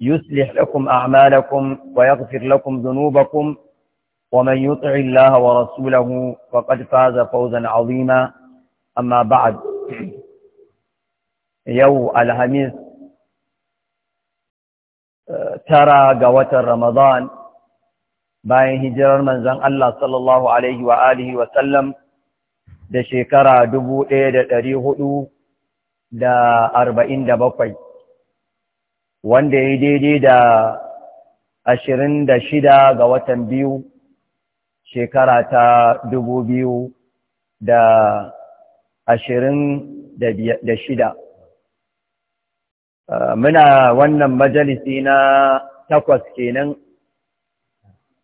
يصلح لكم أعمالكم ويغفر لكم ذنوبكم ومن يطع الله ورسوله فقد فاز فوزا عظيما أما بعد يو الهميس ترى قوة رمضان الله صلى الله عليه وآله وسلم دشيكرا دبو wa sallam دا أربعين دبقين wanda ya yi daidai da ashirin da shida ga watan biyu shekara ta dubu biyu da ashirin da shida uh, muna wannan majalisi na takwas kenan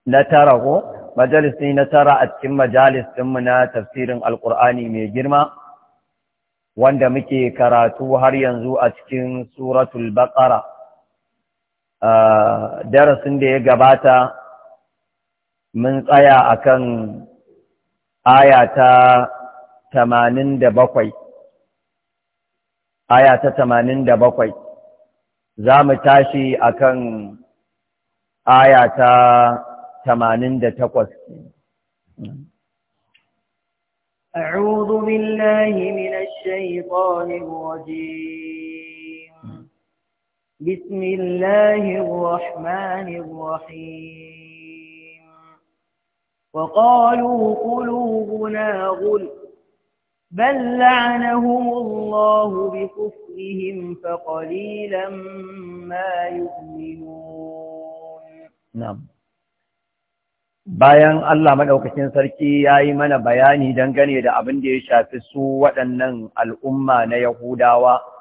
na tara ko majalisi na tara a cikin majalis ɗinmu na tafsirin alƙur'ani mai girma wanda muke karatu har yanzu a cikin suratul baƙara darasin da ya gabata mun tsaya akan aya ta tamanin da bakwai aya ta tamanin da bakwai za mu tashi akan aya ta tamanin da takwas أعوذ بالله من الشيطان الرجيم بسم الله الرحمن الرحيم وقالوا قلوبنا غلق بل لعنهم الله بكفرهم فقليلا ما يؤمنون نعم bayan Allah madaukakin sarki yayi mana bayani dangane da abin da ya shafi su waɗannan al'umma na Yahudawa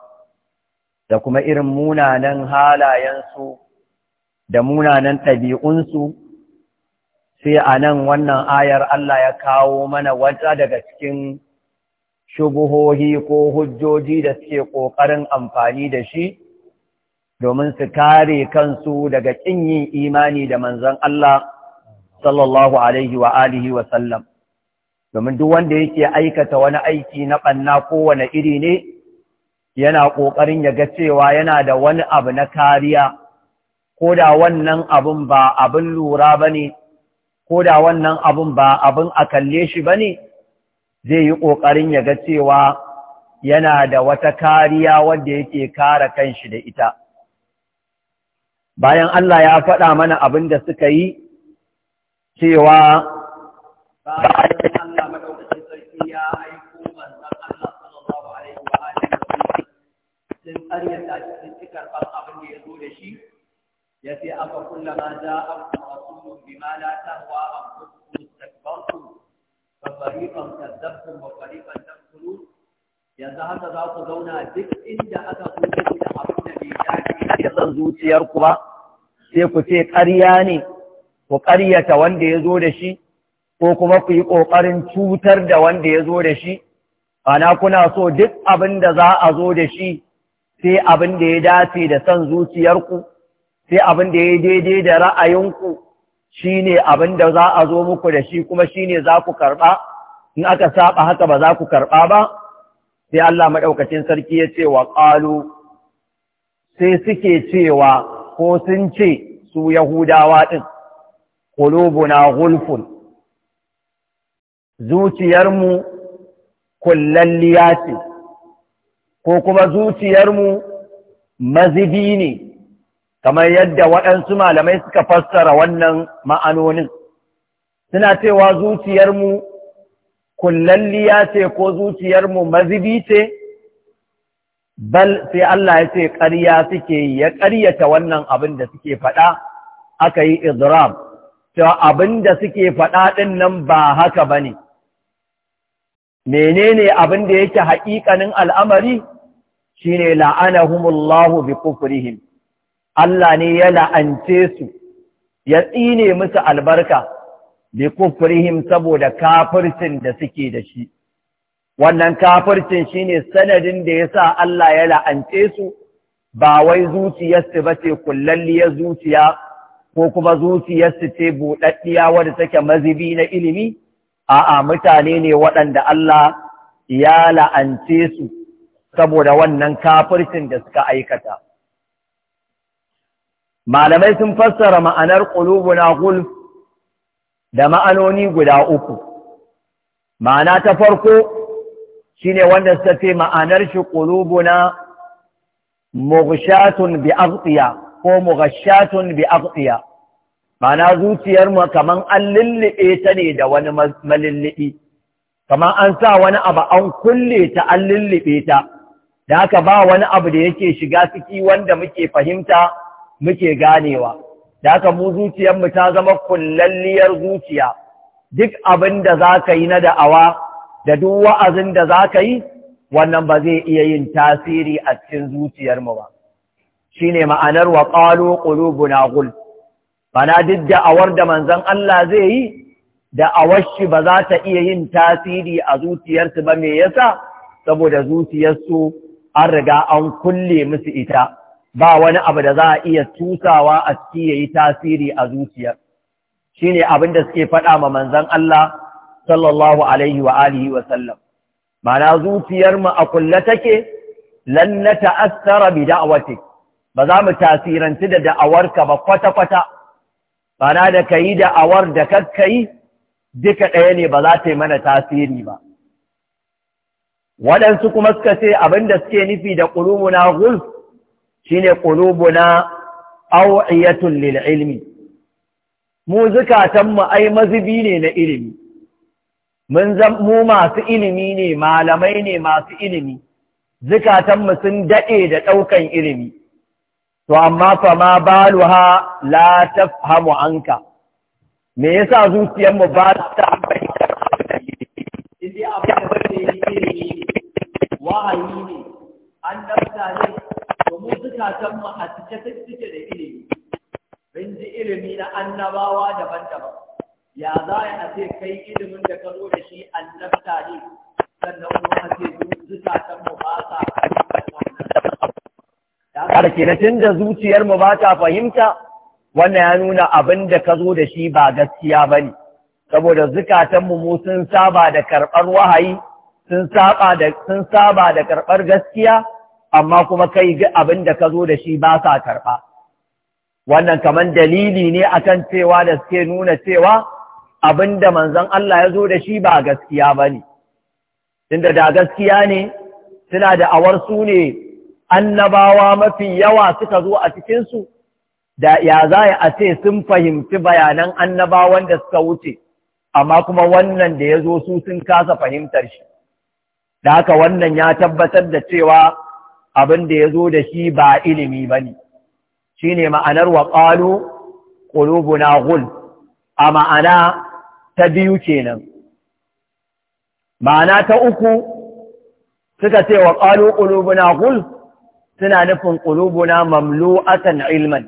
da kuma irin munanan halayensu da munanan ɗabi'unsu sai a nan wannan ayar Allah ya kawo mana wata daga cikin shubuhohi ko hujjoji da suke ƙoƙarin amfani da shi domin su kare kansu daga yin imani da manzon Allah sallallahu alaihi wa alihi wa domin duk wanda yake aikata wani aiki na ɓanna kowane iri ne yana ƙoƙarin ya ga cewa yana da wani abu na kariya, ko da wannan abin ba abin lura ba ne, ko da wannan abin ba abin a kalle shi ba ne, zai yi ƙoƙarin ya ga cewa yana da wata kariya wanda yake kare kanshi da ita. Bayan Allah ya faɗa mana abin da suka yi, cewa ba sun ƙaryata shi cikin cikar karɓar abin da ya zo da shi ya ce aka kulla ma za a rasulun bi ma la tahwa anfusukum istakbartum fa fariqan ba farifan fariqan taqtulun yanzu haka za ku zauna duk inda aka zo da abin da bai dace da zan ku ba sai ku ce karya ne ku karyata wanda ya zo da shi ko kuma ku yi ƙoƙarin cutar da wanda ya zo da shi ana kuna so duk abin da za a zo da shi sai abin da ya dace da son zuciyarku sai abin da ya daidai da ra'ayinku shine abin da za a zo muku da shi kuma shi ne za ku karɓa in aka saba haka ba za ku karɓa ba sai Allah maɗaukacin sarki ya ce wa ƙalu sai suke cewa ko sun ce su Yahudawa ɗin na gulfun zuciyarmu kullalliya ce ko kuma zuciyarmu mazibi ne kamar yadda waɗansu malamai suka fassara wannan ma'anonin suna cewa zuciyarmu kullalliya ce ko zuciyarmu mazibi ce bal sai Allah ya ce ƙarya suke ya ƙaryata wannan abin da suke faɗa aka yi izram cewa abin da suke faɗa ɗin nan ba haka ba ne menene abin da yake haƙiƙanin al'amari shine la'anahumullahu bi kufrihim Allah ne ya la'ance su ya tsine musu albarka bi kufrihim saboda kafircin da suke da shi wannan kafircin shine sanadin da ya sa Allah ya la'ance su ba wai zuciyarsu ba ce kullalliyar zuciya ko kuma zuciyarsu ce buɗaɗɗiya wadda take mazibi na ilimi a'a mutane ne waɗanda Allah ya la'ance su saboda wannan kafircin da suka aikata malamai sun fassara ma'anar ƙulubuna gulf da ma'anoni guda uku ma'ana ta farko ne wanda suka ce ma'anar shi ƙulubuna mughshatun bi ko Mugashatun bi ma'ana zuciyar mu kamar an lullube ta ne da wani malillibi Kamar an sa wani abu an kulle ta an lullube ta da haka ba wani abu da yake shiga ciki wanda muke fahimta muke ganewa da haka mu zuciyarmu ta zama kullalliyar zuciya duk abin da za ka yi na da'awa da duk wa'azin da za ka yi wannan ba zai iya yin tasiri a cikin zuciyarmu ba shi ne ma'anar wa ƙalo ƙulubuna gul bana duk da'awar da manzon Allah zai yi da'awar shi ba za ta iya yin tasiri a zuciyarsu ba me yasa saboda zuciyarsu an riga an kulle musu ita ba wani abu da za a iya tusawa a ciki ya yi tasiri a zuciyar shi ne abin da suke faɗa ma manzan Allah sallallahu alaihi wa alihi wa sallam mana a kulle take lan na ta'assara bi da'awatik ba za mu tasiranci da da'awarka ba kwata-kwata mana da kayi da'awar da kakkayi duka ɗaya ne ba za ta yi mana tasiri ba waɗansu kuma suka ce abinda suke nufi da ƙulubuna gulf shine ƙulubuna awiyatun lil ilmi mu zukatanmu ai mazubi ne na ilimi mun mu masu ilimi ne malamai ne masu ilimi zukatanmu sun daɗe da ɗaukan ilimi to amma fa ma baluha la tafhamu anka me yasa zuciyarmu ba ta wahayi ne an dafta ne domin zukatan mu a cike cike da ilimi bin ji ilimi na annabawa daban-daban ya za a ce kai ilimin da ka zo da shi dafta ne sannan kuma a ce zukatan mu ba sa Karki na tun da zuciyar mu ba ta fahimta, wannan ya nuna abin da ka zo da shi ba gaskiya ba ne, saboda zukatanmu mu sun saba da karɓar wahayi sun saba da da karɓar gaskiya amma kuma kai abin da ka zo da shi ba sa karɓa wannan kamar dalili ne akan cewa da suke nuna cewa abinda manzon Allah ya zo da shi ba gaskiya ba ne tunda da gaskiya ne suna da awar su ne annabawa mafi yawa suka zo a cikinsu da ya za a ce sun fahimci bayanan annabawan da suka wuce amma kuma wannan da ya zo su sun kasa fahimtar shi da haka wannan ya tabbatar da cewa abin da ya zo da shi ba ilimi ba ne shi ne ma'anar wa ƙalu ƙulubuna gul a ma'ana ta biyu kenan ma'ana ta uku suka ce wa ƙalu ƙulubuna gul suna nufin ƙulubuna mamlu'atan ilman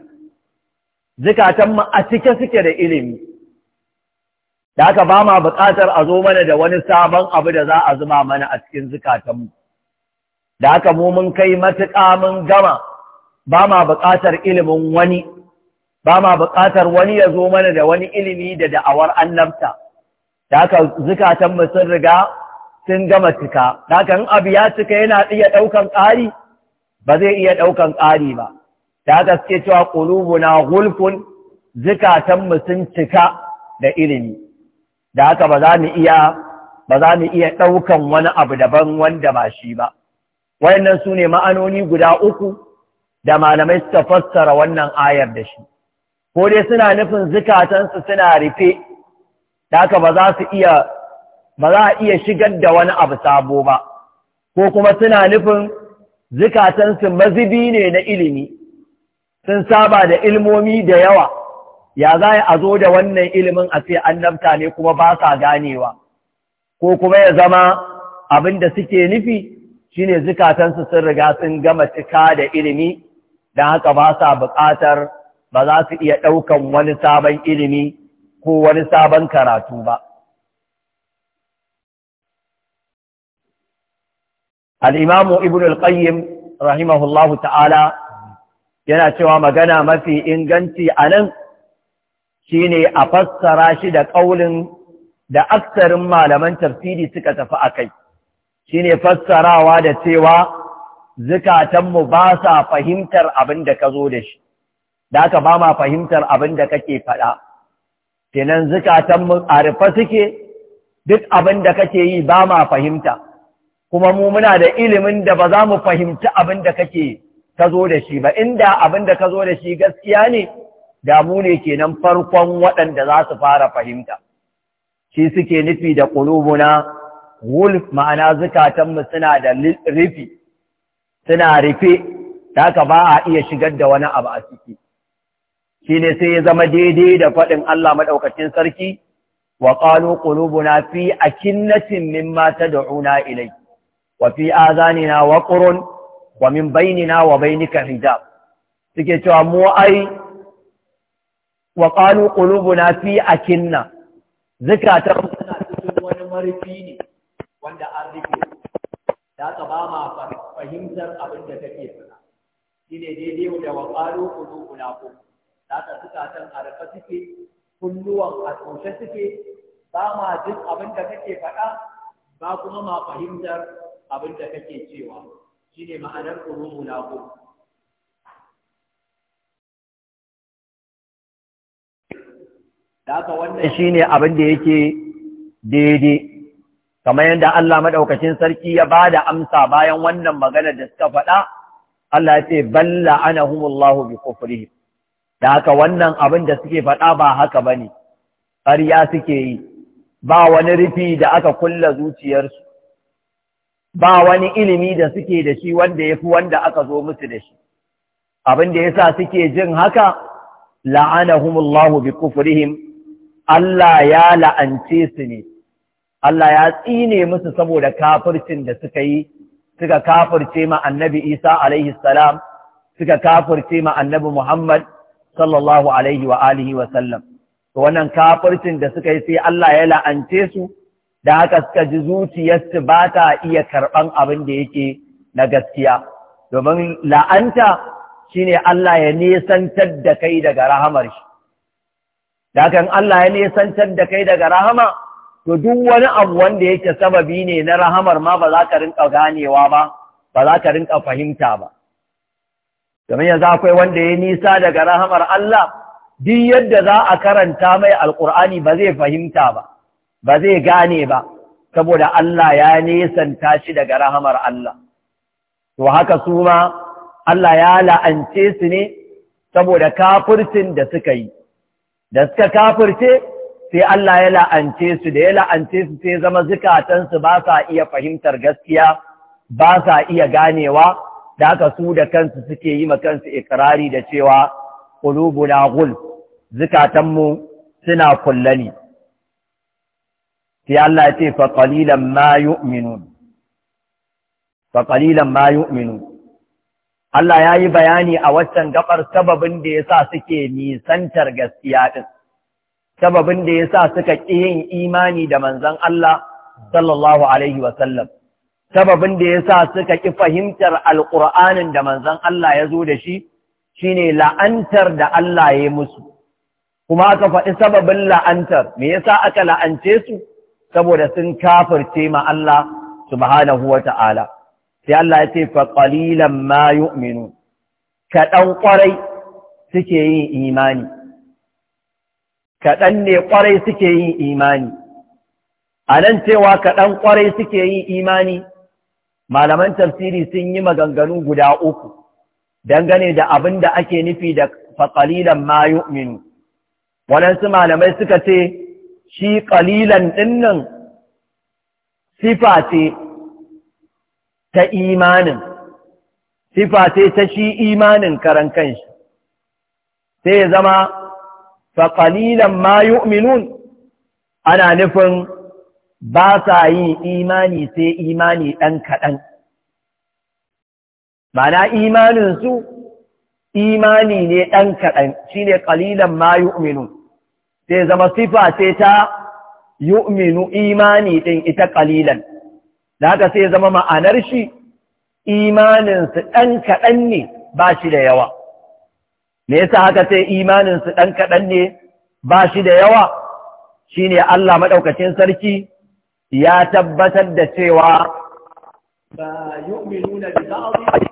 zukatanmu a cike suke da ilimi da haka ba ma buƙatar a zo mana da wani sabon abu da za a zuma mana a cikin zukatanmu da haka mu mun kai matuƙa mun gama ba ma buƙatar ilimin wani ba ma buƙatar wani ya zo mana da wani ilimi da da'awar annabta da haka zukatanmu sun riga sun gama cika da haka in abu ya cika yana iya ɗaukan ƙari ba zai iya ɗaukan ƙari ba da haka suke cewa na gulfun zukatanmu sun cika da ilimi da haka ba za mu iya ba za mu iya ɗaukan wani abu daban wanda ba shi ba wayannan su ne ma'anoni guda uku da malamai suka fassara wannan ayar da shi ko dai suna nufin zukatansu suna rufe da haka ba za su iya ba za a iya shigar da wani abu sabo ba ko kuma suna nufin zukatansu mazubi ne na ilimi sun saba da ilmomi da yawa ya za a zo da wannan ilimin a ce annabta ne kuma ba sa ganewa ko kuma ya zama abin da suke nufi shine zukatansu sun riga sun gama cika da ilimi don haka ba sa buƙatar ba za su iya ɗaukan wani sabon ilimi ko wani sabon karatu ba. Al'imamu Ibn al-Qayyim, rahimahullahu ta'ala, yana cewa magana mafi inganci a nan Shi ne a fassara shi da ƙaunin da aksarin malaman tafsiri suka tafi a kai Shi ne fassarawa da cewa zukatanmu ba sa fahimtar abin da ka zo da shi da aka ba ma fahimtar abin da kake faɗa kenan zukatanmu a rufe suke duk abin da kake yi ba ma fahimta kuma mu muna da ilimin da ba za mu fahimci abin da kake ka zo da shi ba inda abin da ka zo da shi gaskiya ne da mu ne kenan farkon waɗanda za su fara fahimta shi suke nufi da ƙulubuna wulf ma'ana zukatanmu suna da rufi suna rufe haka ba a iya shigar da wani abu a ciki Shi ne sai ya zama daidai da faɗin Allah maɗaukacin sarki wa qalu ƙulubuna fi mata da una ilai wa fi azanina ƙurun wa min bainina wa bainika hijab suke cewa mu ai wa qalu qulubuna fi akinna zikatan wani marfi ne wanda an rike da ka ba ma fahimtar abin da kake faɗa shine daidai da wa qalu qulubuna ko da ka zikatan a rafa suke kulluwan a tsoshe suke ba ma duk abin da kake faɗa ba kuma ma fahimtar abin da kake cewa shine ma'anar qulubuna ko da haka wannan shine abin da yake daidai kamar yadda Allah maɗaukacin sarki ya bada amsa bayan wannan magana da suka faɗa Allah ya ce balla anahumullahu bi kufrihim da haka wannan abin da suke faɗa ba haka ba ne, ƙarya suke yi ba wani rufi da aka kulla zuciyarsu ba wani ilimi da suke da shi wanda ya fi wanda aka zo musu da shi abin da ya sa suke jin haka la'anahumullahu bi kufrihim Allah ya la'ance su ne, Allah ya tsine musu saboda kafircin da suka yi, suka kafirce ma annabi Isa alaihi salam, suka kafirce ma annabi Muhammad sallallahu alaihi wa alihi wa sallam. Wannan kafircin da suka yi sai Allah ya la'ance su, da haka suka ji zuciyarsu ba ta iya karɓan abin da yake na gaskiya. Domin la'anta shi ne Allah ya nesantar da kai daga rahamar shi. da haka in Allah ya nesantar da kai daga rahama to duk wani abu wanda yake sababi ne na rahamar ma ba za ka rinka ganewa ba ba za ka rinka fahimta ba domin yanzu akwai wanda ya nisa daga rahamar Allah duk yadda za a karanta mai alkur'ani ba zai fahimta ba ba zai gane ba saboda Allah ya nesanta shi daga rahamar Allah to haka su ma Allah ya la'ance su ne saboda kafircin da suka yi da suka kafirce sai Allah ya la'ance su da ya la'ance su sai zama zukatansu ba sa iya fahimtar gaskiya ba sa iya ganewa da aka su da kansu suke yi ma kansu ikirari da cewa qulubuna ghul zukatanmu suna kullani sai Allah ya ce fa qalilan ma yu'minun fa ma yu'minun Allah ya yi bayani a waccan gabar sababin da ya sa suke nisantar gaskiya ɗin, sababin da ya sa suka ƙi yin imani da manzan Allah sallallahu Alaihi wasallam, sababin da ya sa suka ƙi fahimtar alƙur'anin da manzan Allah ya zo da shi, shi ne la'antar da Allah ya musu, kuma aka faɗi sababin la'antar, me yasa aka la'ance su, saboda sun kafirce ma Allah subhanahu wa ta'ala. sai Allah ya ce fa qalilan ma yu'minu kaɗan ƙwarai suke yin imani kaɗan ne kwarai suke yin imani a nan cewa kaɗan kwarai suke yin imani malaman tafsiri sun yi maganganu guda uku dangane da abin da ake nufi da fa ƙalilan ma yu'minu waɗansu malamai suka ce shi ƙalilan ɗinnan sifa ce ta imanin sifa ce ta shi imanin karan kanshi sai ya zama faƙalilan ma yu'minun ana nufin ba sa yi imani sai imani ɗan kaɗan mana imaninsu imani ne ɗan kaɗan shi ne ƙalilan ma yu'minun sai zama sifa ce ta yu'minu imani ɗin ita ƙalilan da haka sai zama ma'anar shi imaninsu ɗan kaɗan ne ba shi da yawa me yasa haka sai imaninsu ɗan kaɗan ne ba shi da yawa Shi ne Allah maɗaukacin sarki ya tabbatar da cewa ba yu'minuna bi ba'd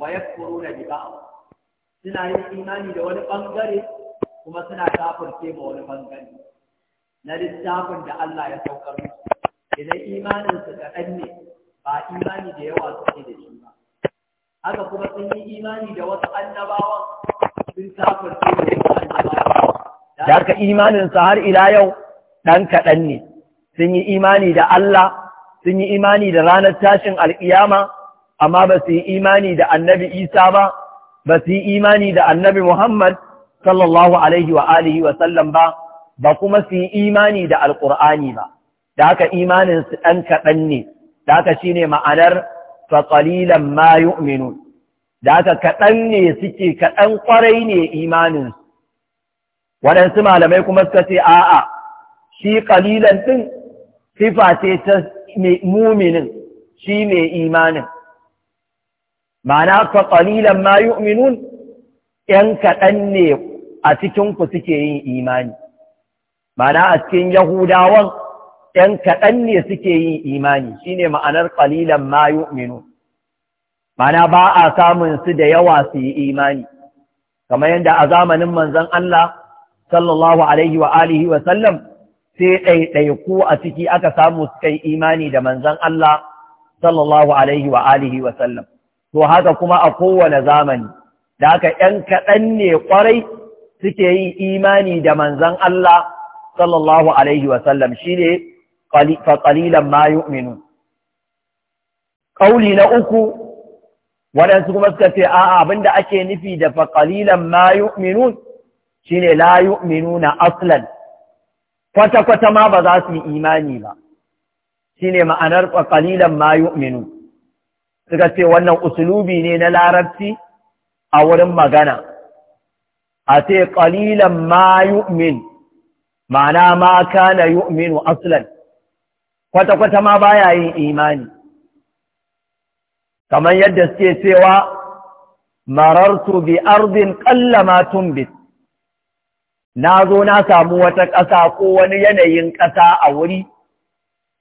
wa yakfuruna bi suna yin imani da wani bangare kuma suna kafirce ma wani bangare na littafin da Allah ya saukar musu idan imaninsu kaɗan ne ba imani da yawa suke da shi ba haka kuma sun yi imani da wasu annabawan sun kafarce da wasu annabawan da haka imaninsu har ila yau ɗan kaɗan ne sun yi imani da Allah sun yi imani da ranar tashin al'iyama amma ba su yi imani da annabi isa ba ba su yi imani da annabi muhammad sallallahu alaihi wa alihi wa sallam ba ba kuma su yi imani da alƙur'ani ba da haka imanin su ɗan kaɗan ne da haka ne ma'anar faƙalilan qalilan ma da haka kaɗan ne suke kaɗan ƙwarai ne imanin waɗansu malamai kuma suka ce a'a shi ƙalilan ɗin sifa ce ta muminin shi mai imanin ma'ana faƙalilan ƙalilan ma yu'minun ‘yan kaɗan ne a cikinku suke yin imani ma'ana a cikin yahudawan ‘yan kaɗan ne suke yin imani shi ne ma'anar ƙalilan ma yu'minu mana ba a samun su da yawa su yi imani kamar yadda a zamanin manzan Allah sallallahu alaihi wa alihi wa sallam sai ɗaiɗaiku a ciki aka samu su kai imani da manzan Allah sallallahu alaihi wa alihi wa sallam to haka kuma a kowane zamani da haka ‘yan kaɗan ne ƙwarai suke yin imani da manzan Allah sallallahu alaihi wa sallam shi ne fa qalilan ma yu'minun Ƙauli na uku waɗansu kuma suka ce a'a abinda ake nufi da fa qalilan ma yu'minun shine la na aslan kwata kwata ma ba za su yi imani ba shine ma'anar faƙalilan qalilan ma yu'minun suka ce wannan usulubi ne na larabci a wurin magana a ce ƙalilan ma yu'min ma'ana ma kana yu'minu aslan kwata-kwata ma baya yin imani kamar yadda suke cewa marartu bi ardin kallama tumbit na zo na samu wata ƙasa ko wani yanayin ƙasa a wuri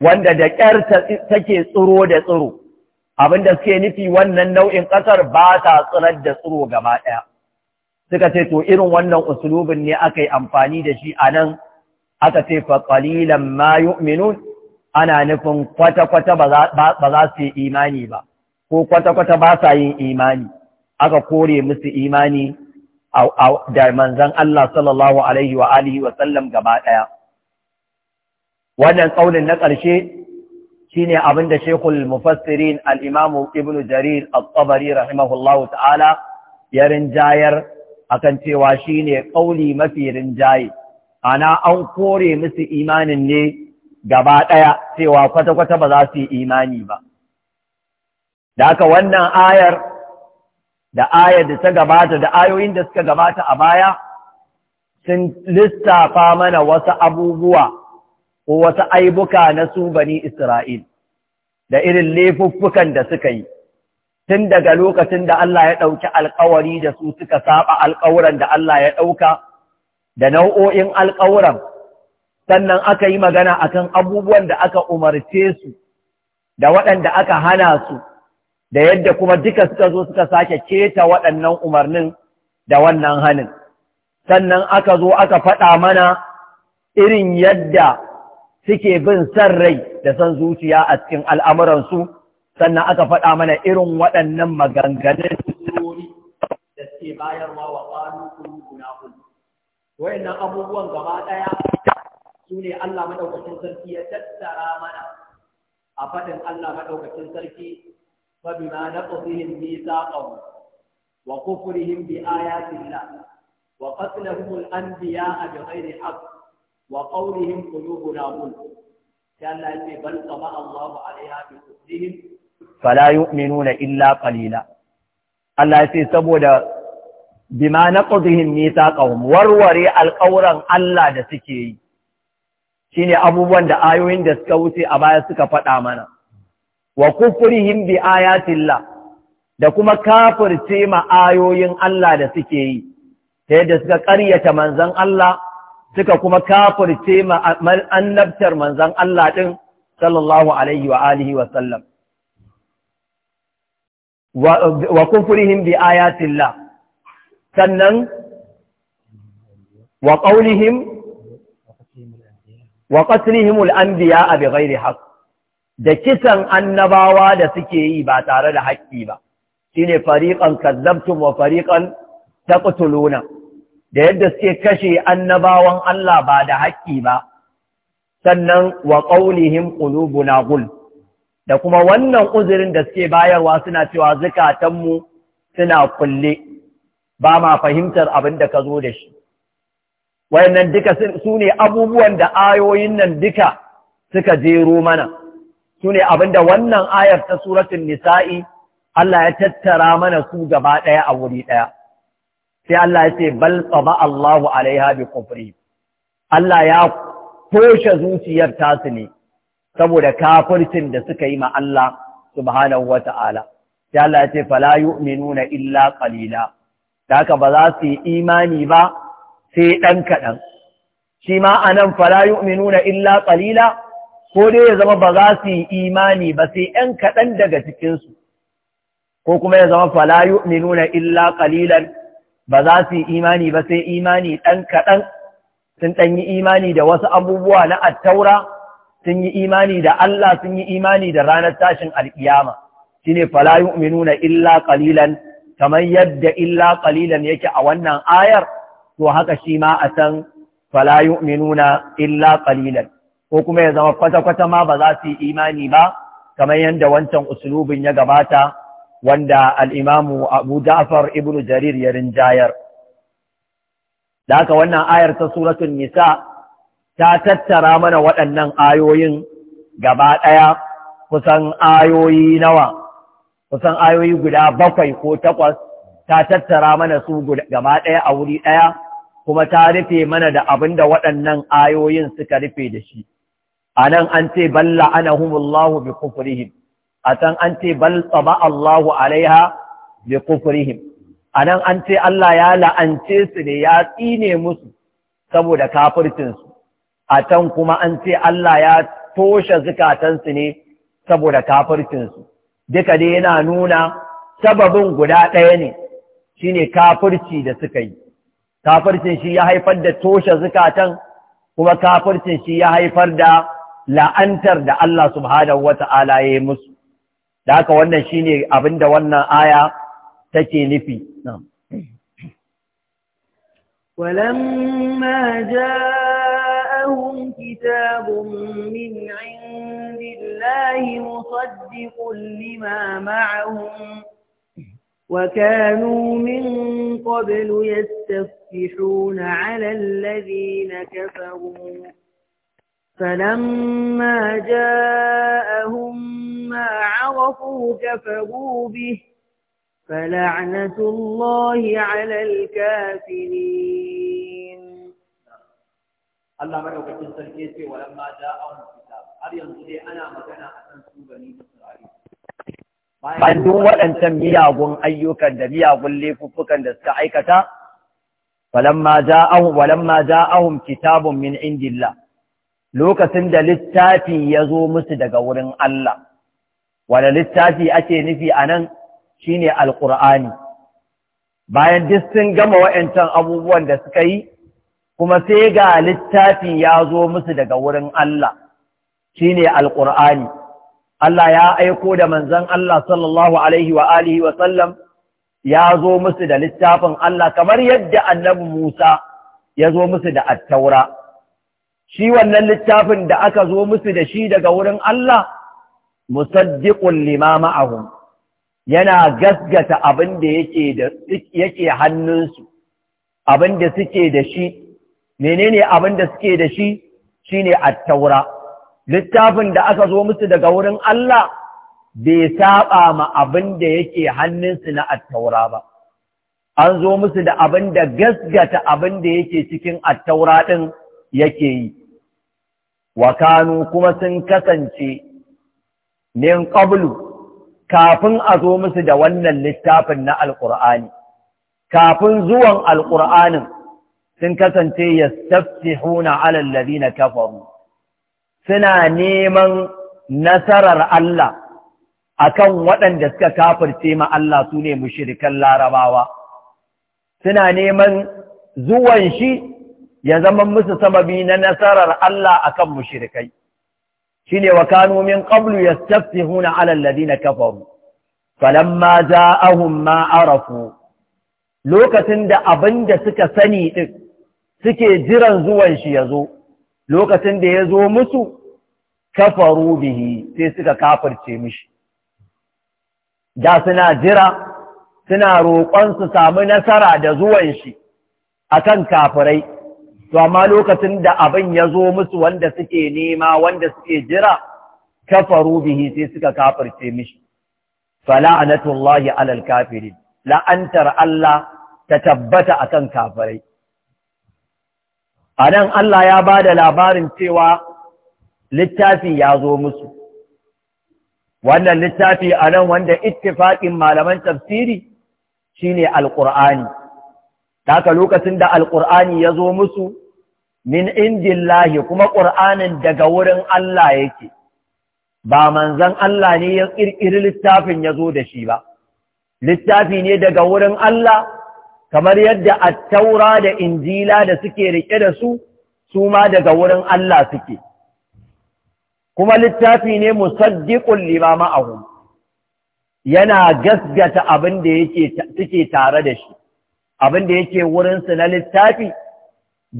wanda da ƙyar take tsiro da tsiro abinda suke nufi wannan nau'in ƙasar ba ta tsirar da tsiro gaba ɗaya suka ce to irin wannan usulubin ne aka yi amfani da shi a nan aka ce ƙalilan ma yu'minun ana nufin kwata-kwata ba za su yi imani ba ko kwata-kwata ba sa yin imani aka kore musu imani da manzan Allah sallallahu alaihi wa alihi wa sallam gaba ɗaya wannan ƙaunin na ƙarshe shine ne abinda Sheikhul Mufassirin al-Imam Ibn Jarir al-Tabari rahimahullahu ta'ala ya rinjayar akan cewa shine ƙauli mafi rinjaye ana an kore musu imanin ne gaba ɗaya cewa kwata-kwata ba za su yi imani ba. Da haka wannan ayar da ayar da ta gabata da ayoyin da suka gabata a baya sun lissafa mana wasu abubuwa ko wasu aibuka na su bani Isra'il da irin laifuffukan da suka yi. Tun daga lokacin da Allah ya ɗauki alkawari da su suka saba alkawuran da Allah ya ɗauka da nau'o'in alkawuran sannan aka yi magana a kan abubuwan da aka umarce su da waɗanda aka hana su da yadda kuma duka suka zo suka sake keta waɗannan umarnin da wannan hannun. sannan aka zo aka faɗa mana irin yadda suke bin san rai da san zuciya a cikin al'amuransu sannan aka faɗa mana irin waɗannan maganganun da suke bayarwa wa ƙwano kuma wa'in nan abubuwan gaba ɗaya su ne Allah maɗaukacin sarki ya tattara mana a faɗin Allah maɗaukacin sarki fa bima naqdihim mithaqahum wa kufrihim bi ayatillah wa qatlahum al anbiya bi ghairi haqq wa qawlihim qulubuna ghulf sai Allah ya ce bal qama Allahu alaiha bi kufrihim fala yu'minuna illa qalila Allah ya ce saboda bima na ƙuduhin nisa ƙaun warware alƙawuran Allah da suke yi, shine abubuwan da ayoyin da suka wuce a baya suka faɗa mana wa kufrihim bi ayatillah da kuma kafirce ma ayoyin Allah da suke yi ta yadda suka ƙaryata manzon Allah suka kuma kafirce ma annabtar manzon Allah din sallallahu alaihi wa alihi wa sallam wa kufrihim bi ayatillah sannan wa ƙaunihim. wa qatlihimul anbiya bi ghairi haqq da kisan annabawa da suke yi ba tare da haƙƙi ba shine fariqan kazzabtum wa fariqan taqtuluna da yadda suke kashe annabawan Allah ba da haƙƙi ba sannan wa qawlihim qulubuna da kuma wannan uzurin da suke bayarwa suna cewa zukatanmu suna kulle ba ma fahimtar abin da ka zo da shi wayannan duka su ne abubuwan da ayoyin nan duka suka jero mana su ne abinda wannan ayar ta suratun nisa'i Allah ya tattara mana su gaba ɗaya a wuri ɗaya sai Allah ya ce bal tsaba Allahu alaiha bi kufri Allah ya toshe zuciyar su ne saboda kafircin da suka yi ma Allah subhanahu wata'ala sai Allah ya ce fala yu'minuna illa qalila da haka ba za su yi imani ba sai ɗan kaɗan shi ma a nan fara yu'minuna illa ƙalila ko dai ya zama ba za su yi imani ba sai ‘yan kaɗan daga cikinsu ko kuma ya zama fara yu'minuna illa ƙalilan ba za su yi imani ba sai imani ɗan kaɗan sun ɗan yi imani da wasu abubuwa na attaura sun yi imani da Allah sun yi imani da ranar tashin al'iyama. shi ne fala yu'minuna illa ƙalilan kamar yadda illa ƙalilan yake a wannan ayar to haka shi ma a san, fala yu'minuna illa qalilan ko kuma ya zama kwata-kwata ma ba za su yi imani ba kamar yadda wancan usulubin ya gabata wanda al'imamu Abu Ja'far ibn Jarir ya rinjayar. Da haka wannan ayar ta suratun Nisa ta tattara mana waɗannan ayoyin gaba ɗaya kusan ayoyi nawa, kusan ayoyi guda bakwai ko takwas ta tattara mana su gaba ɗaya a wuri ɗaya kuma ta rufe mana da abin da waɗannan ayoyin suka rufe da shi a nan an ce balla ana humullahu bi kufurihim a can an ce bal ba Allahu alaiha bi kufurihim a nan an ce Allah ya la'ance su ne ya tsine musu saboda kafircinsu a can kuma an ce Allah ya toshe zukatansu ne saboda kafircinsu duka dai yana nuna sababin guda ɗaya ne Shi ne kafirci da suka yi kafircin shi ya haifar da toshe zukatan kuma kafircin shi ya haifar da la'antar da Allah subhanahu ta'ala ya yi musu da aka wannan shi shine da wannan aya take nufi ولما جاءهم كتاب من عند الله مصدق لما معهم وكانوا من قبل يستفتحون على الذين كفروا فلما جاءهم ما عرفوا كفروا به فلعنة الله على الكافرين الله مرحبا كنت ولما جاءهم الكتاب هل ينظر أنا مكانا أسنسوا بني ba duk waɗancan miyagun ayyukan da miyagun laifuffukan da suka aikata ma ja'ahum walamma ja'ahum kitabun min indillah lokacin da littafi ya zo musu daga wurin Allah, wanda littafi ake nufi a nan shi Alƙur'ani, bayan duk sun gama wa'yancan abubuwan da suka yi, kuma sai ga littafi ya zo musu daga wurin Allah, shine ne Alƙur'ani, Allah ya aiko da manzan Allah sallallahu Alaihi wa alihi ya zo musu da littafin Allah kamar yadda annabi Musa ya zo musu da attaura. Shi wannan littafin da aka zo musu da shi daga wurin Allah, musaddiƙun limama ahun, yana gasgata abin da yake hannunsu, abin da suke da shi, menene abin da suke da shi shi ne attaura. littafin da aka zo musu daga wurin Allah bai saba ma abin da yake hannunsu na attaura ba an zo musu da abin da gasgata abin da yake cikin attaura ɗin yake yi wa kuma sun kasance min qablu kafin a zo musu da wannan littafin na alqur'ani kafin zuwan alqur'anin sun kasance yastafihuna ala alladhina kafaru suna neman nasarar Allah akan waɗanda suka kafirce ma Allah su ne mushirikan larabawa suna neman zuwan shi ya zama musu sababi na nasarar Allah akan mushirikai shine wa kanu min qablu yastafihuna ala alladhina kafaru falamma ja'ahum ma arafu lokacin da abinda suka sani din suke jiran zuwan shi ya zo. lokacin da ya zo musu kafaru bihi sai suka kafirce mishi da suna jira suna roƙon su samu nasara da zuwan shi akan kafirai to amma lokacin da abin ya zo musu wanda suke nema wanda suke jira kafaru bihi sai suka kafarce mishi fala'anatullahi alal kafirin la'antar Allah ta tabbata akan kafirai a nan Allah ya ba da labarin cewa littafi ya zo musu wannan littafi a nan wanda ittifaƙin malaman tafsiri shine alƙur'ani haka lokacin da alƙur'ani ya zo musu min indillahi kuma ƙur'anin daga wurin Allah yake ba manzan Allah ne ya ƙirƙiri littafin ya zo da shi ba littafi ne daga wurin Allah kamar yadda attaura da injila da suke rike da su su ma daga wurin Allah suke kuma littafi ne musaddiqul limama ahum yana gasgata abin da yake suke tare da shi abin da yake wurin su na littafi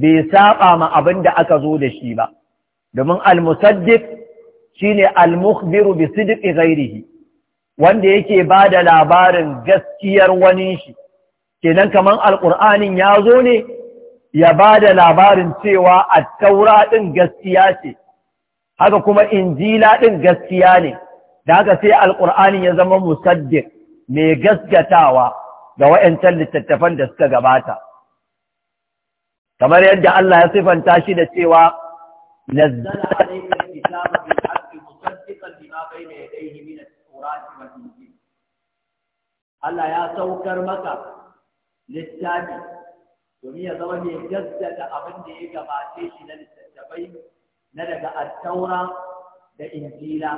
bai saba ma abin da aka zo da shi ba domin al-musaddiq shine al-mukhbiru bi sidqi ghairihi wanda yake bada labarin gaskiyar wani shi kenan kamar alƙur'anin ya zo ne ya ba da labarin cewa a taura ɗin gaskiya ce haka kuma injila ɗin gaskiya ne da haka sai alƙur'anin ya zama musaddik mai gaskatawa ga wa'yancan littattafan da suka gabata kamar yadda Allah ya sifanta shi da cewa nazzala Allah ya saukar maka littafi domin ya zama mai gaskata abin da ya gabace shi na littattafai na daga attaura da injila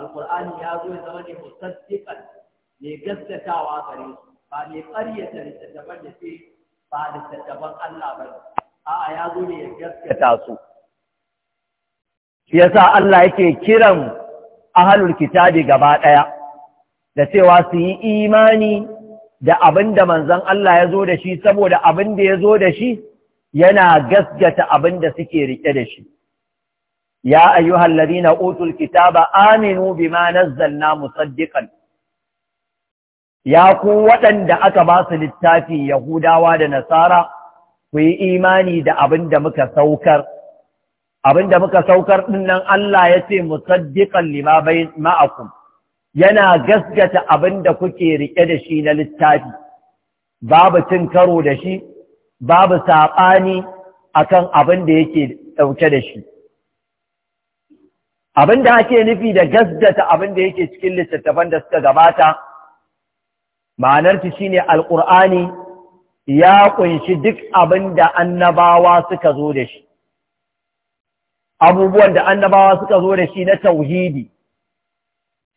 alkur'ani ya zo ya zama ne musaddiqan mai gaskatawa gare su ba mai ƙaryata littattafan da sai ba littattafan Allah ba a'a ya zo ne ya gaskata su shi yasa Allah yake kiran ahlul kitabi gaba ɗaya da cewa su yi imani da abin da manzon Allah ya zo da shi saboda abin da ya zo da shi yana gasgata abin da suke rike da shi ya ayyuhal ladina utul kitaba aminu bima nazzalna musaddiqan ya ku waɗanda aka ba su littafi yahudawa da nasara ku yi imani da abin da muka saukar abin da muka saukar dinnan Allah ya ce musaddiqan lima ma'akum yana gaskata abin da kuke riƙe da shi na littafi babu cin karo da shi babu saɓani kan abin da yake ɗauke da shi abin da ake nufi da gaskata abin da yake cikin littattafan da suka gabata ma'anarci shine alƙur'ani ya ƙunshi duk abin da annabawa suka zo da shi abubuwan da annabawa suka zo da shi na tauhidi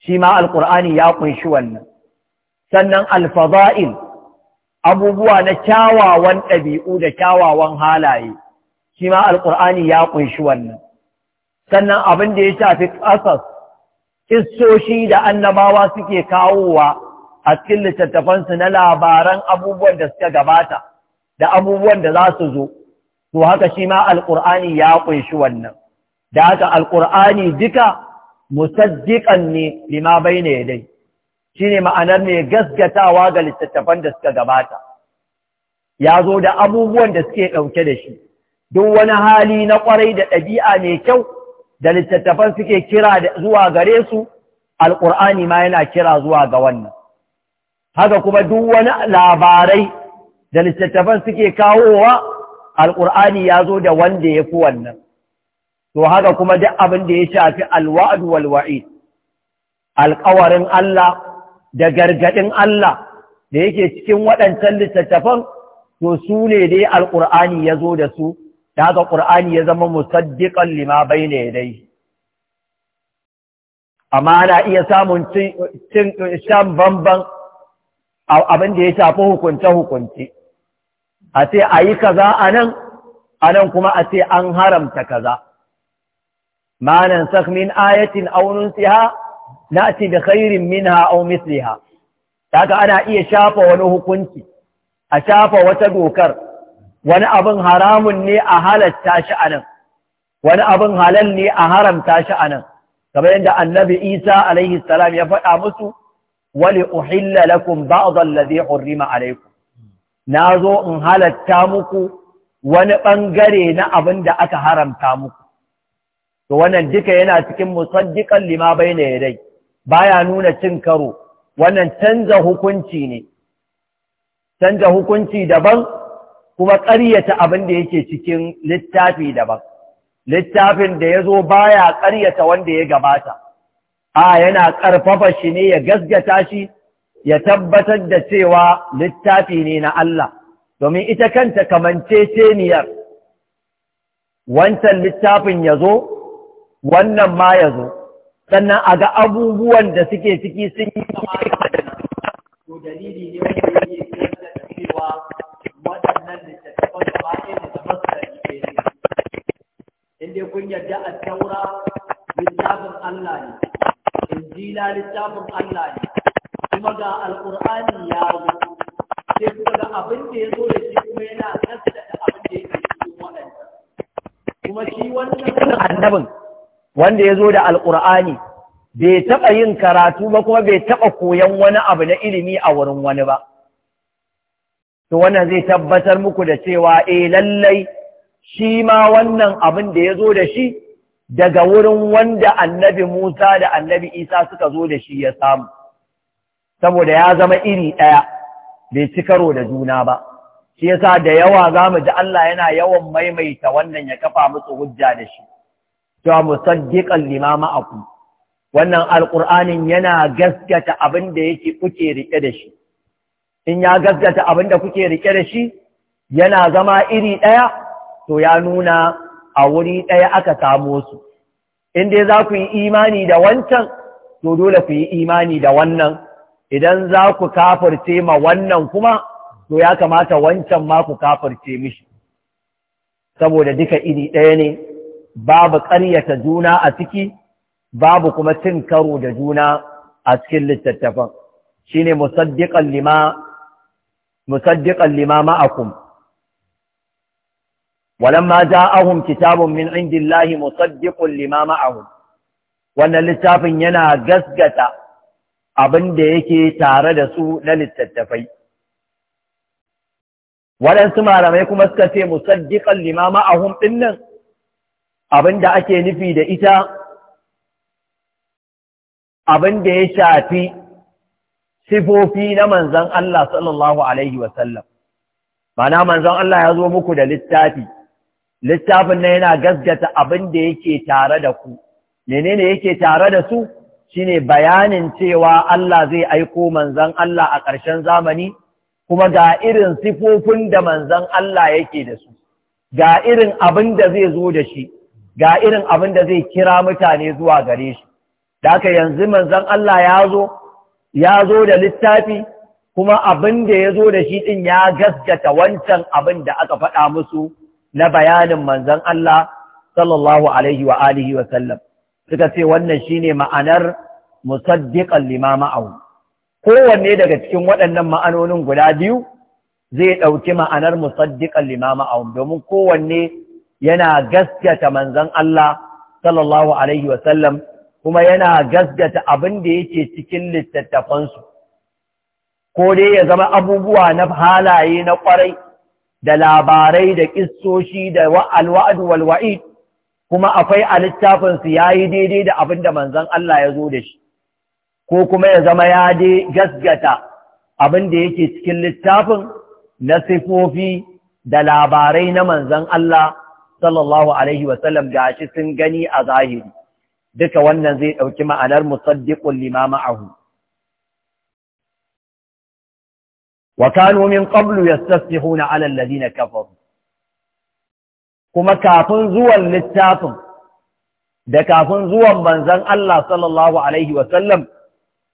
shi ma alƙur'ani ya ƙunshi wannan sannan alfaza'il abubuwa na kyawawan ɗabi'u da kyawawan halaye shi ma alƙur'ani ya ƙunshi wannan sannan abin da ya shafi ƙasas ƙistoshi da annabawa suke kawowa a cikin littattafansu na labaran abubuwan da suka gabata da abubuwan da za su zo to haka shi ma alƙur'ani ya ƙunshi wannan da haka alƙur'ani duka musaddiƙan ne lima bayna Shi shine ma'anar mai gasgatawa ga littattafan da suka gabata ya zo da abubuwan da suke ɗauke da shi duk wani hali na ƙwarai da ɗabi'a mai kyau da littattafan suke kira zuwa gare su al’ur'ani ma yana kira zuwa ga wannan haka kuma duk wani labarai da littattafan suke kawowa alƙur'ani ya zo da wanda ya fi wannan to haka kuma duk abin da ya shafi alwa'ad walwa’i, alƙawarin Allah da gargaɗin Allah da yake cikin waɗancan littattafan to su ne dai alƙur'ani ya zo da su da haka ƙur'ani ya zama musaddiƙan lima bai ne dai amma ana iya samun shan bamban abin da ya shafi hukunce-hukunce a ce a yi kaza a nan kuma a ce an haramta kaza. ma nansakh min ayatin aw nunsiha kairin bi khairin minha aw misliha kaga ana iya shafa wani hukunci a shafa wata dokar wani abin haramun ne a halatta shi anan wani abin halal ne a haramta shi anan kamar yadda annabi Isa alaihi salam ya faɗa musu wali uhilla lakum ba'd allazi hurrima alaykum nazo in halatta muku wani bangare na abin da aka haramta muku to wannan duka yana cikin musaddiqan lima bayna yadai baya nuna cin karo wannan canza hukunci ne canza hukunci daban kuma ƙaryata abin da yake cikin littafi daban littafin da ya zo baya ƙaryata wanda ya gabata a yana ƙarfafa shi ne ya gaskata shi ya tabbatar da cewa littafi ne na Allah domin ita kanta kamanceceniyar wancan littafin ya zo wannan ma ya zo sannan a ga abubuwan da suke ciki sun yi to dalili ne wanda yake da cewa waɗannan littattafan da ba ɗaya da masarari ke ne in dai kun yarda a taura littafin Allah ne injila littafin Allah ne kuma ga alƙur'ani ya zo sai kuma ga abin da ya zo da shi kuma yana gaskata abin da yake cikin waɗanda kuma shi wannan annabin wanda ya zo da alƙur'ani bai taɓa yin karatu ba kuma bai taɓa koyon wani abu na ilimi a wurin wani ba to wannan zai tabbatar muku da cewa e lallai shi ma wannan abin da ya zo da shi daga wurin wanda annabi Musa da annabi Isa suka zo da shi ya samu saboda ya zama iri ɗaya bai ci karo da juna ba shi yasa da yawa za mu ji Allah yana yawan maimaita wannan ya kafa musu hujja da shi cewa musaddiqan limama aku wannan alƙur'anin yana gaskata abin da yake kuke riƙe da shi in ya gaskata abin da kuke riƙe da shi yana zama iri ɗaya to ya nuna a wuri ɗaya aka samo su in dai za ku yi imani da wancan to dole ku yi imani da wannan idan za ku kafirce ma wannan kuma to ya kamata wancan ma ku kafirce mishi saboda duka iri ɗaya ne babu ƙaryata juna a ciki babu kuma cin karo da juna a cikin littattafan shine musaddiqan lima musaddiqan lima ma'akum walamma ja'ahum kitabun min indillahi musaddiqun lima ma'ahum wannan littafin yana gasgata abin da yake tare da su na littattafai waɗansu malamai kuma suka ce musaddiƙan lima ma'ahum ɗinnan Abin da ake nufi da ita abin da ya shafi sifofi na manzan Allah sallallahu Alaihi wasallam mana manzan Allah ya zo muku da littafi littafin na yana gasgata da yake tare da ku menene yake tare da su shine bayanin cewa Allah zai aiko manzan Allah a ƙarshen zamani kuma ga irin sifofin da manzan Allah yake da su ga irin abin da zai zo da shi ga irin abin da zai kira mutane zuwa gare shi da aka yanzu manzon Allah ya zo ya zo da littafi kuma abin da ya zo da shi ɗin ya gaskata wancan abin da aka faɗa musu na bayanin manzan Allah sallallahu alaihi wa alihi wa sallam suka ce wannan shine ma'anar musaddiƙan lima ma'ahu kowanne daga cikin waɗannan ma'anonin guda biyu zai ɗauki ma'anar musaddiqan lima ma'ahu domin kowanne yana gaskata manzon Allah sallallahu alaihi wasallam kuma yana gaskata abin da yake cikin littattafansu ko dai ya zama abubuwa na halaye na kwarai da labarai da kissoshi da wal wa'id kuma akwai a littafinsu ya yi daidai da abin da manzon Allah ya zo da shi ko kuma ya zama ya gasgata abin da yake cikin littafin na sifofi da labarai na manzon Allah sallallahu alaihi wasallam ga shi sun gani a zahiri duka wannan zai ɗauki ma'anar musaddiqun lima ma'ahu wa kanu min qablu yastasihuna ala alladhina kafaru kuma kafin zuwan littafin da kafin zuwan manzon Allah sallallahu alaihi wasallam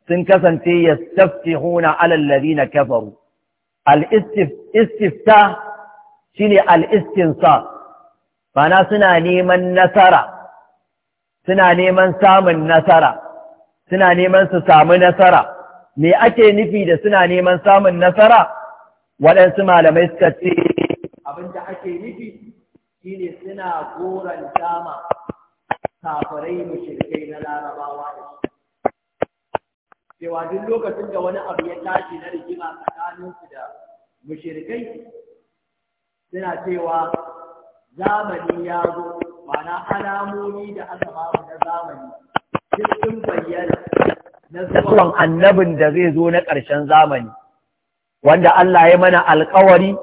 sun kasance yastafihuna ala alladhina kafaru al-istifta shine al-istinsa mana suna neman nasara suna neman samun nasara suna neman su samu nasara me ake nufi da suna neman samun nasara waɗansu malamai suka ce abinda ake nufi shine suna goranta ma kafirai shirkai na larabawa da cewa duk lokacin da wani abu ya tashi na rigima tsakaninsu da mushirikai suna cewa zamani ya zo mana alamomi da aka na zamani cikin bayyana na zuwan annabin da zai zo na ƙarshen zamani wanda Allah ya mana alƙawari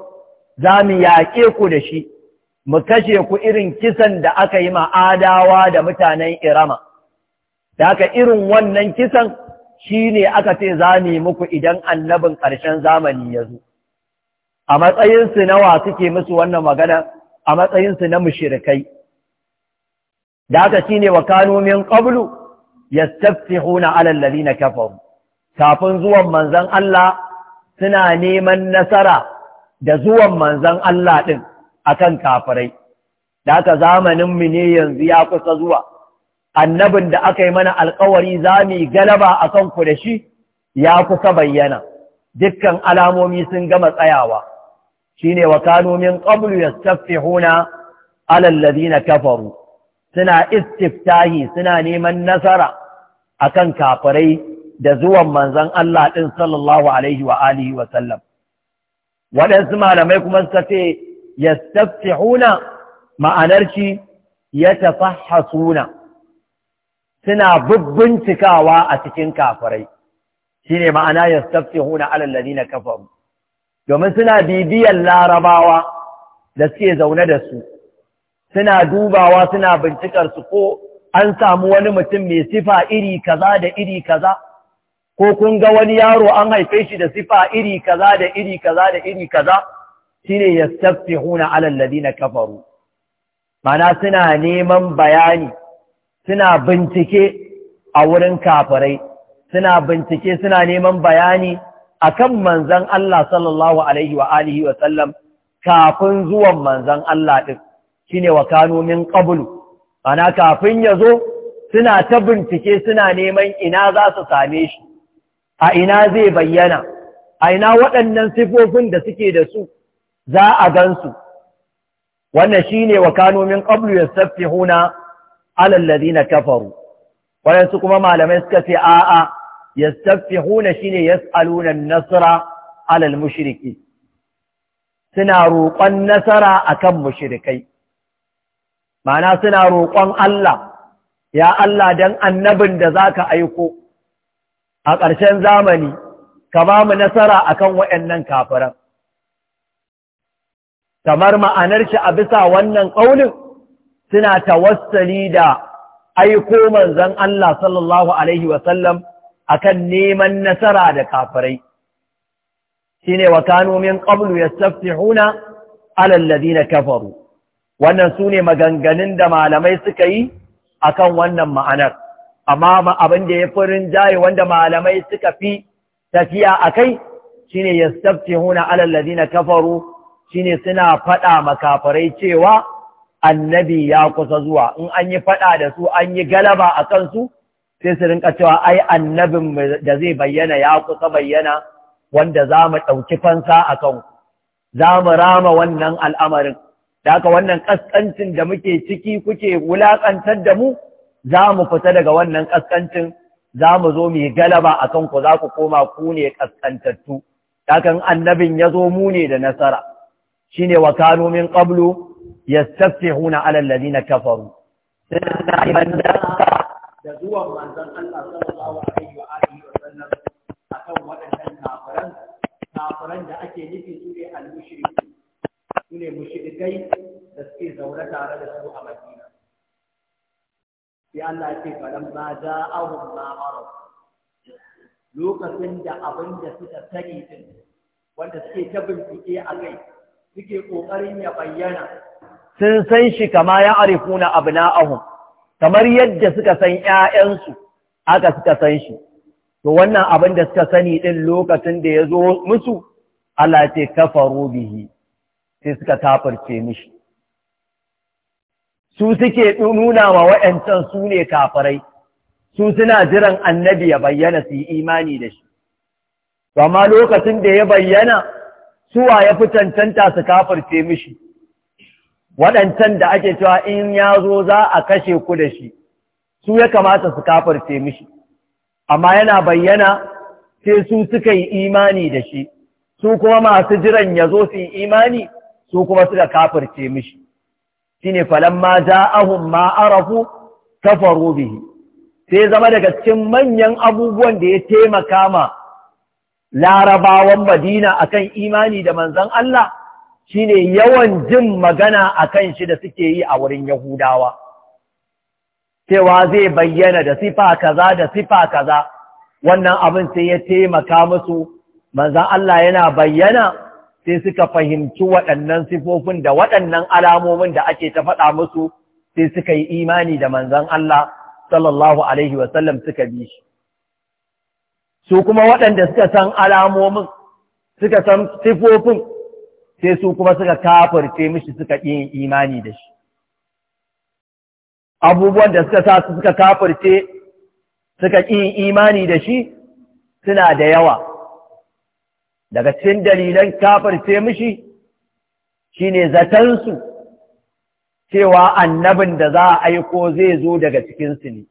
za mu yaƙe ku da shi mu kashe ku irin kisan da aka yi ma'adawa da mutanen irama da aka irin wannan kisan shi ne aka ce za mu muku idan annabin ƙarshen zamani ya zo a matsayinsu nawa suke musu wannan magana a matsayinsu na mushirikai da haka ne wa kanomin min qablu huna ala na kafar. kafin zuwan manzan Allah suna neman nasara da zuwan manzan Allah a akan kafirai da haka zamanin mu ne yanzu ya kusa zuwa annabin da aka yi mana alkawari zamu galaba akan ku da shi ya kusa bayyana dukkan alamomi sun gama tsayawa shine wa kanu min qablu yastafihuna ala alladhina kafaru suna istiftahi suna neman nasara akan kafirai da zuwan manzon Allah din sallallahu alaihi wa alihi wa sallam waɗansu malamai kuma suka ce yastafihuna ma'anar shi ya tafahasuna suna bubbincikawa a cikin kafirai shine ma'ana yastafihuna ala alladhina kafaru domin suna bibiyar larabawa da suke zaune da su suna dubawa suna bincikar su ko an samu wani mutum mai sifa iri kaza da iri kaza ko kun ga wani yaro an haife shi da sifa iri kaza da iri kaza da iri kaza shine yastafihuna ala na kafaru mana suna neman bayani suna bincike a wurin kafirai suna bincike suna neman bayani akan manzan Allah sallallahu alaihi wa alihi wa sallam kafin zuwan manzan Allah din shine wa kanu min qablu ana kafin ya zo suna ta bincike suna neman ina za su same shi a ina zai bayyana a ina waɗannan sifofin da suke da su za a gansu wannan shine wa kanu min qablu yasaffihuna ala alladhina kafaru Wadansu kuma malamai suka ce a'a yastaffihuna shine yas'aluna an-nasra 'ala al suna roƙon nasara akan mushrikai ma'ana suna roƙon Allah ya Allah dan annabin da zaka aiko a ƙarshen zamani ka ba mu nasara akan waɗannan kafiran kamar ma'anar shi a bisa wannan ƙaunin suna tawassali da aiko manzon Allah sallallahu alaihi wasallam akan neman nasara da kafirai shine wa kanu min qablu yastaftihuna ala alladhina kafaru wannan sune maganganun da malamai suka yi akan wannan ma'anar amma abin da ya furin jaye wanda malamai suka fi tafiya akai shine yastaftihuna ala alladhina kafaru shine suna fada makafirai cewa annabi ya kusa zuwa in an yi fada da su an yi galaba akan su sai su rinka cewa ai annabin da zai bayyana ya kusa bayyana wanda za mu ɗauki fansa a kan za mu rama wannan al'amarin da haka wannan ƙasƙancin da muke ciki kuke wulaƙantar da mu za mu fita daga wannan ƙasƙancin za mu zo mu yi galaba a kanku za ku koma ku ne ƙasƙantattu da haka annabin ya zo mu ne da nasara shi ne wa min ƙablu ya stafi huna alalladi na kafaru. Suna da zuwan manzon Allah sallallahu alaihi wa alihi wa sallam akan waɗannan kafiran kafiran da ake nufi su ne al-mushriki su ne mushrikai da suke zaune tare da su a Madina sai Allah ya ce falam ma ja'ahum ma marad lokacin da abin da suka sani din wanda suke ta bincike a kai suke kokarin ya bayyana sun san shi kama ya arifuna abna'ahum kamar yadda suka san ‘ya'yansu aka suka san shi, to wannan abin da suka sani ɗin lokacin da ya zo musu, Allah ce faru bihi, sai suka kafirce mishi. Su suke nuna wa wayancan su ne kafirai, su suna jiran annabi ya bayyana su yi imani da shi. Amma lokacin da ya bayyana, suwa ya fi cancanta su kafirce mishi. waɗancan da ake cewa in ya zo za a kashe ku da shi su ya kamata su kafarce mishi amma yana bayyana sai su suka yi imani da shi su kuma masu jiran ya zo su yi imani su kuma suka kafarce mishi shine falamma ja'ahum ma arafu faru bihi sai zama daga cikin manyan abubuwan da ya taimaka ma larabawan Madina akan imani da manzon Allah shine yawan jin magana a kan shi da suke yi a wurin Yahudawa cewa zai bayyana da sifa kaza da sifa kaza wannan abin sai ya taimaka musu manzan Allah yana bayyana sai suka fahimci waɗannan sifofin da waɗannan alamomin da ake ta faɗa musu sai suka yi imani da manzan Allah sallallahu alaihi wasallam suka bi shi su kuma waɗanda suka san alamomin suka san sifofin sai su kuma suka kafirce mishi suka yin imani da shi abubuwan da suka sa su suka kafirce suka yin imani da shi suna da yawa daga cikin dalilan kafirce mishi shine zatansu cewa annabin da za a aiko zai zo daga cikinsu ne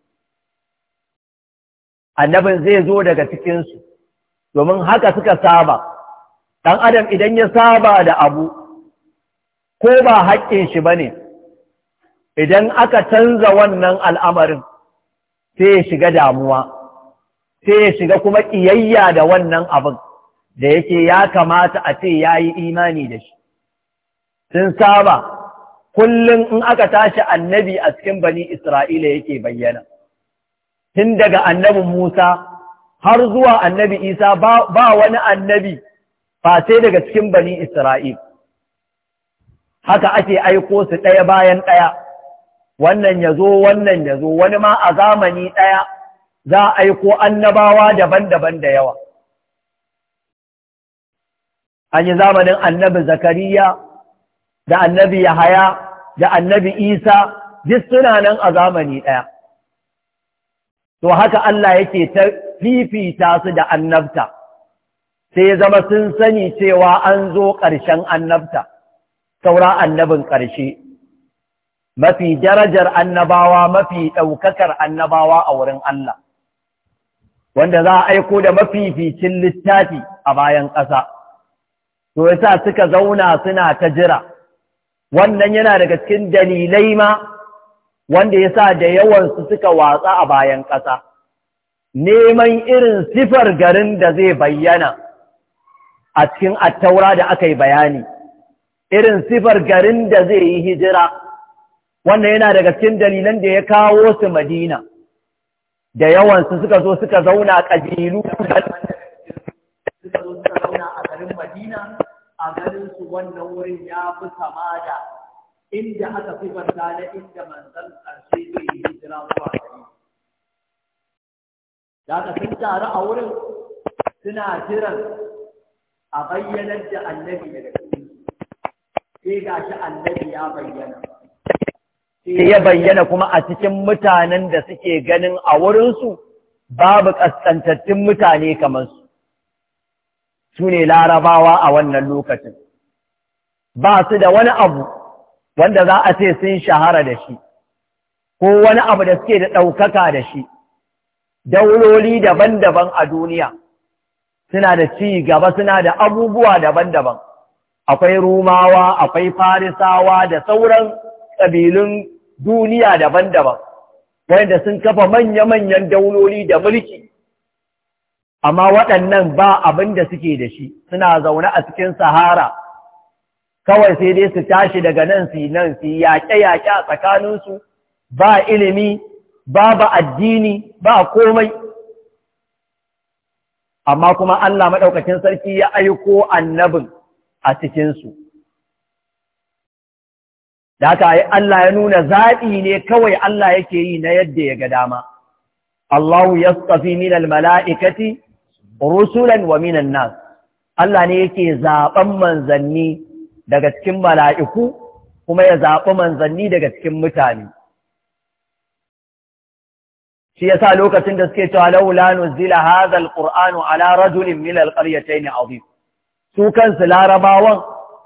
annabin zai zo daga cikinsu domin haka suka saba ɗan adam idan ya saba da abu ko ba haƙƙin shi ba ne idan aka canza wannan al'amarin sai ya shiga damuwa sai ya shiga kuma ƙiyayya da wannan abin da yake ya kamata a ce ya yi imani da shi sun saba kullum in aka tashi annabi a cikin bani isra'ila yake bayyana tun daga annabin musa har zuwa annabi isa ba wani annabi face daga cikin bani Isra'il. Haka ake aiko su ɗaya bayan ɗaya, wannan ya zo, wannan ya zo, wani ma a zamani ɗaya za a aiko annabawa daban-daban da yawa. An yi zamanin annabi Zakariya, da annabi Yahaya, da annabi Isa, duk suna nan a zamani ɗaya. To haka Allah yake ta fifita su da annabta. sai zama sun sani cewa an zo ƙarshen annabta saura annabin ƙarshe mafi darajar annabawa mafi ɗaukakar annabawa a wurin Allah wanda za a aiko da mafificin littafi a bayan ƙasa to yasa suka zauna suna ta jira wannan yana daga cikin dalilai ma wanda ya sa da yawansu suka watsa a bayan ƙasa neman irin sifar garin da zai bayyana a cikin attaura da aka yi bayani irin sifar garin da zai yi hijira wannan yana daga cikin dalilan da ya kawo su madina da yawansu suka zo suka zauna a ƙabilu suka zo suka zauna a garin madina a garin su wannan wurin ya fi sama da inda aka fi banta na inda manzan ƙarshe zai yi hijira zuwa gari da aka sun taru a wurin suna jiran a bayyanar da annabi daga cikin sai ga shi annabi ya bayyana sai ya bayyana kuma a cikin mutanen da suke ganin a wurinsu babu ƙasƙantattun mutane kamar su su ne larabawa a wannan lokacin ba su da wani abu wanda za a ce sun shahara da shi ko wani abu da suke da ɗaukaka da shi dauloli daban-daban a duniya suna da ci gaba suna da abubuwa daban-daban akwai rumawa akwai farisawa da sauran ƙabilun duniya daban-daban wanda sun kafa manya-manyan dauloli da mulki amma waɗannan ba abin da suke da shi suna zaune a cikin sahara kawai sai dai su tashi daga nan su nan su yaƙe-yaƙe a tsakaninsu ba ilimi babu addini ba komai amma kuma Allah maɗaukacin sarki ya aiko annabin a cikinsu. Da haka Allah ya nuna zaɓi ne kawai Allah yake yi na yadda ya ga dama. Allahu ya tsafi minal mala'ikati, rusulan wa minan nas. Allah ne yake zaɓen manzanni daga cikin mala'iku, kuma ya zaɓi manzanni daga cikin mutane. shi yasa lokacin da suke cewa laula nuzila hadha ƙurani ala rajulin min alqaryatayn azim su kansu larabawan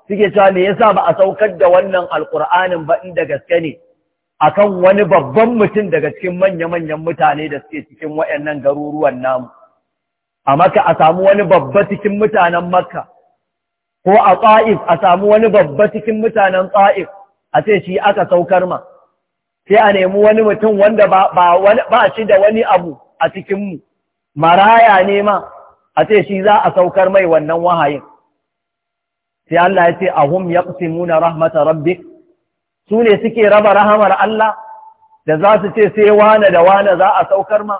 suke cewa me yasa ba a saukar da wannan alqur'anin ba inda gaske ne akan wani babban mutum daga cikin manya-manyan mutane da suke cikin wayannan garuruwan namu a maka a samu wani babba cikin mutanen makka ko a ta'if a samu wani babba cikin mutanen ta'if a ce shi aka saukar ma sai a nemi wani mutum wanda ba shi da wani abu a cikinmu maraya ne ma a ce shi za a saukar mai wannan wahayin sai Allah ya ce ahum muna rahmata rabbi su ne suke raba rahamar Allah da za su ce sai wane da wane za a saukar ma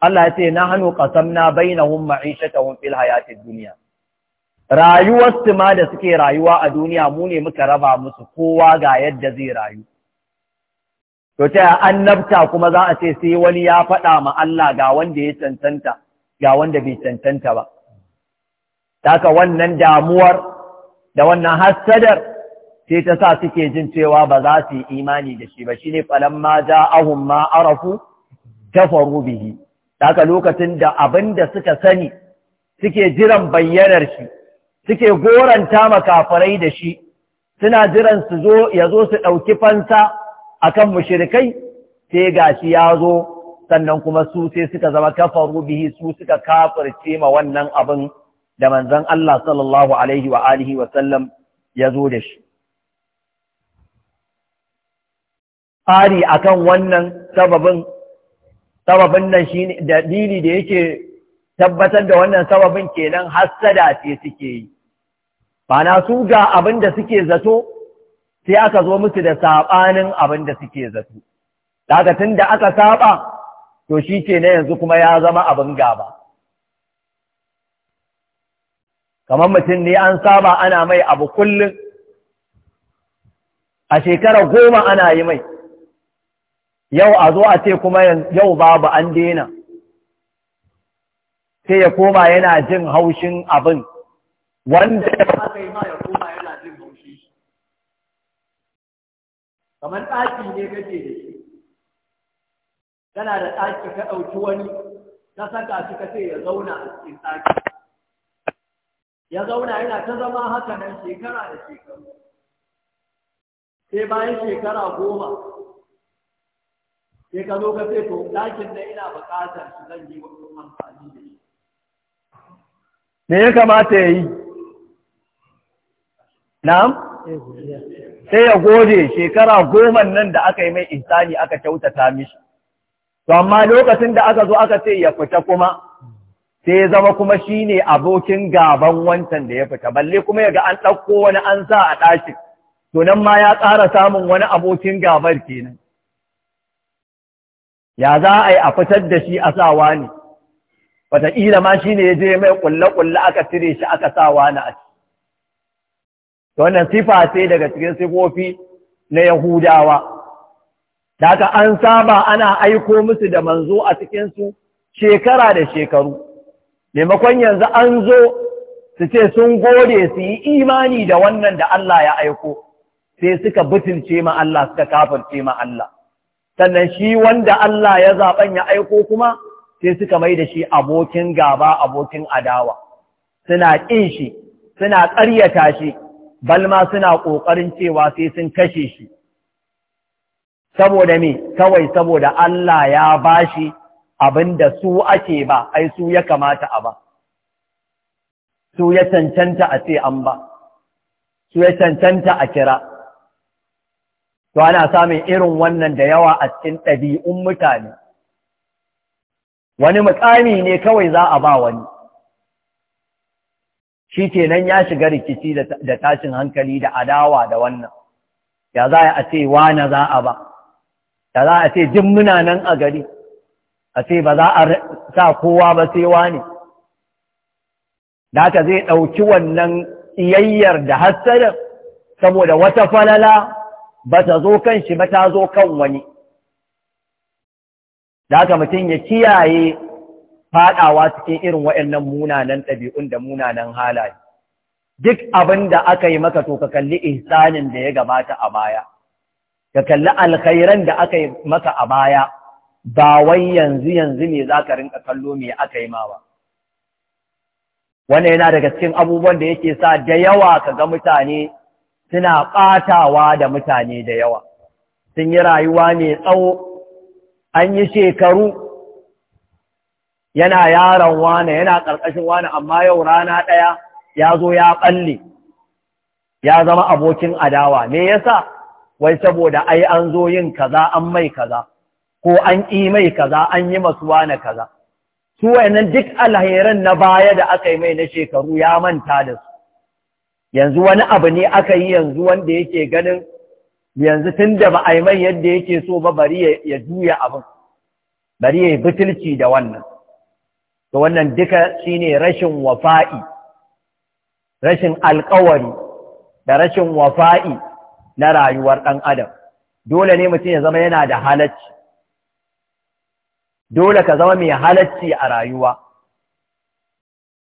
Allah ya ce na hannu na ƙasamna bainahum ma'ishatahum fil hayatin duniya. rayuwar su ma da suke rayuwa a duniya mu ne muka raba musu kowa ga yadda zai rayu to ta annabta kuma za a ce sai wani ya faɗa ma Allah ga wanda ya cancanta ga wanda bai cancanta ba taka wannan damuwar da wannan hassadar sai ta sa suke jin cewa ba za su yi imani da shi ba shine ne maja, ma arafu faru bihi taka lokacin da abin da suka sani suke jiran bayyanar shi suke goranta makafarai da shi suna jiran su zo ya zo su ɗauki fansa akan mushrikai sai gashi ya zo sannan kuma su sai suka zama kafaru bihi su suka kafirce ma wannan abin da manzon Allah sallallahu alaihi wa alihi wa sallam ya zo da shi fari akan wannan sababin sababin nan shine dalili da yake tabbatar da wannan sababin kenan hassada ce suke yi ba na su ga abin da suke zato sai aka zo musu da saɓanin abin da suke zato daga tun da aka saɓa to shi ke na yanzu kuma ya zama abin gaba kamar mutum ne an saba ana mai abu kullum a shekara goma ana yi mai yau a zo a ce kuma yau babu an daina sai ya koma yana jin haushin abin wanda ya ma ya koma kamar ɗaki ne kake da shi kana da ɗaki ka ɗauki wani ka saka shi ka ce ya zauna a cikin ɗaki ya zauna yana ta zama haka nan shekara da shekaru sai bayan shekara goma sai ka zo ka ce to ɗakin da ina buƙatar shi zan yi wani amfani da shi me ya kamata ya yi na'am eh, sai ya gode shekara goma nan da aka yi mai insani aka kyautata mishi to amma lokacin da aka zo aka ce ya fita kuma sai ya zama kuma shi ne abokin gaban wancan da ya fita balle kuma ya ga an ɗauko wani an sa a ɗakin to nan ma ya ƙara samun wani abokin gabar kenan ya za a yi a fitar da shi a sawa ne wataƙila ma shi ne ya je mai ƙulle-ƙulle aka cire shi aka sawa na a wannan sifa ce daga cikin sifofi na Yahudawa da an saba ana aiko musu da manzo a cikinsu shekara da shekaru maimakon yanzu an zo su ce sun gode su yi imani da wannan da Allah ya aiko sai suka butulce ma Allah suka kafirce ma Allah sannan shi wanda Allah ya zaɓen ya aiko kuma sai suka mai da shi abokin gaba abokin adawa suna ƙin shi suna ƙaryata shi balma suna ƙoƙarin cewa sai sun kashe shi saboda me kawai saboda Allah ya bashi abinda su ake ba ai su ya kamata a ba su ya cancanta a ce an ba su ya cancanta a kira to ana samun irin wannan da yawa a cikin ɗabi'un mutane wani muƙami ne kawai za a ba wani shi nan ya shiga rikici da tashin hankali da adawa da wannan ya za a ce wane za a ba ya za a ce jin muna nan a gari a ce ba za a sa kowa ba sai wane da ka zai ɗauki wannan iyayyar da hassadin saboda wata falala ba ta zo kan shi ba ta zo kan wani da mutum ya kiyaye faɗawa cikin irin waɗannan munanan ɗabi'un da munanan halaye. Duk abin da aka yi maka to ka kalli ihsanin da ya gabata a baya, ka kalli alkhairan da aka yi maka a baya, ba wai yanzu yanzu ne za ka rinka kallo mai aka yi ma ba. Wannan yana daga cikin abubuwan da yake sa da yawa ka ga mutane suna ɓatawa da mutane da yawa. Sun yi rayuwa mai tsawo, an yi shekaru yana yaron wane yana ƙarƙashin wane amma yau rana ɗaya ya zo ya ɓalle ya zama abokin adawa me yasa wai saboda ai an zo yin kaza an mai kaza ko an ƙi mai kaza an yi masu wane kaza su wayannan duk alheran na baya da aka yi mai na shekaru ya manta da su yanzu wani abu ne aka yi yanzu wanda yake ganin yanzu tun da ba a yi mai yadda yake so ba bari ya juya abin bari ya yi butulci da wannan to wannan duka shine rashin wafa'i rashin alƙawari da rashin wafa'i na rayuwar ɗan adam dole ne mutum ya zama yana da halacci dole ka zama mai halacci a rayuwa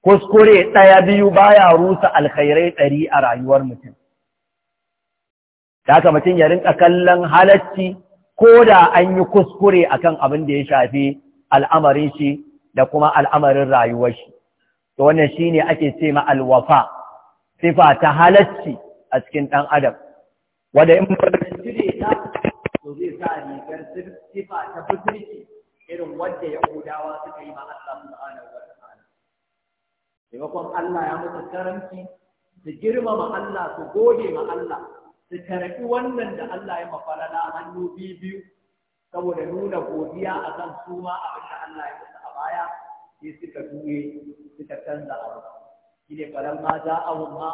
kuskure ɗaya biyu baya rusa alkhairai ɗari a rayuwar mutum haka mutum ya rinka kallon halacci ko da an yi kuskure akan abin da ya shafi al'amarin shi da kuma al'amarin rayuwar shi to wannan shine ake ce ma alwafa sifa ta halacci a cikin ɗan adam wanda in ba ta zai sa rigar ta irin wanda yahudawa suka yi ma Allah Allah ya musu karamci su girmama Allah su goge ma Allah su karɓi wannan da Allah ya mafarada hannu biyu biyu saboda nuna godiya akan su ma abin da Allah ya sai suka suka canza ma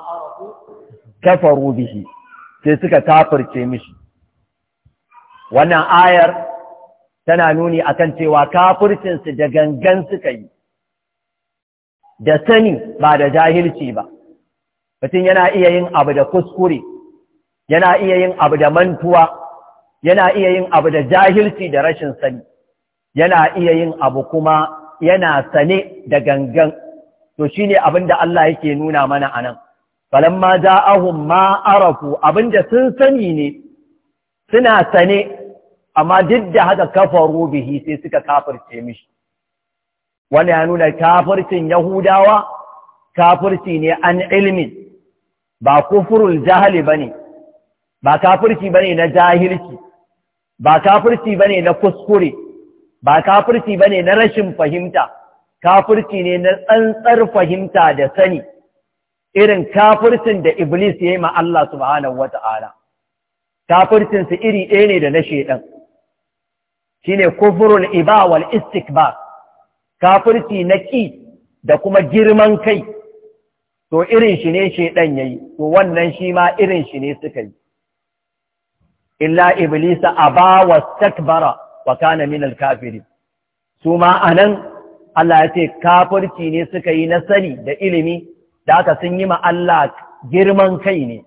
kafaru bihi sai suka kafirce mishi wannan ayar tana nuni a kan cewa kafircinsu da gangan suka yi da sani ba da jahilci ba mutum yana iya yin abu da kuskure yana iya yin abu da mantuwa yana iya yin abu da jahilci da rashin sani yana iya yin abu kuma yana sane da gangan to shine abin da Allah yake nuna mana anan falamma ja'ahum ma arafu abinda sun sani ne suna sane amma duk da haka kafar rubihi sai suka kafirce mishi wani ya nuna kafircin yahudawa kafirci ne an ilmin ba kufurul jahali ne ba kafirci ne na jahilci ba kafirci ne na kuskure ba kafirci ne na rashin fahimta kafirci ne na tsantsar fahimta da sani irin kafircin da iblis ya yi ma Allah subhanahu wa Ta'ala. kafircinsu iri ɗaya ne da na shi shine kufurul iba wal Kafurti kafirci na ƙi da kuma girman kai to irin shi ne ya yi, to wannan shi ma irin shi ne suka yi illa Iblis a ba wa wastakbara wa kana min al-kafiri su ma anan Allah ya ce kafirci ne suka yi na sani da ilimi da aka sun yi ma Allah girman kai ne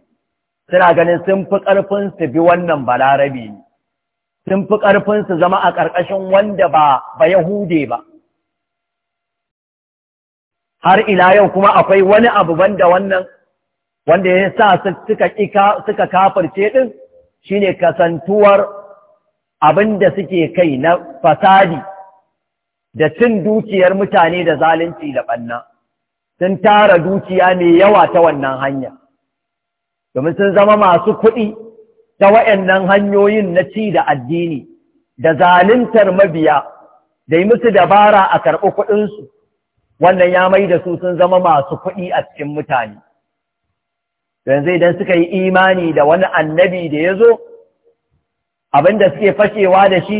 suna ganin sun fi ƙarfin su bi wannan balarabi ne sun fi ƙarfin su zama a ƙarƙashin wanda ba ba yahude ba har ila yau kuma akwai wani abu banda wannan wanda ya sa suka suka kafirce din shine kasantuwar abin da suke kai na fasadi da cin dukiyar mutane da zalunci da ɓanna sun tara dukiya mai yawa ta wannan hanya domin sun zama masu kuɗi ta wayannan hanyoyin na ci da addini da zaluntar mabiya da yi musu dabara a karɓi kuɗinsu wannan ya mai da su sun zama masu kuɗi a cikin mutane yanzu idan suka yi imani da wani annabi da ya zo abin da suke fashewa da shi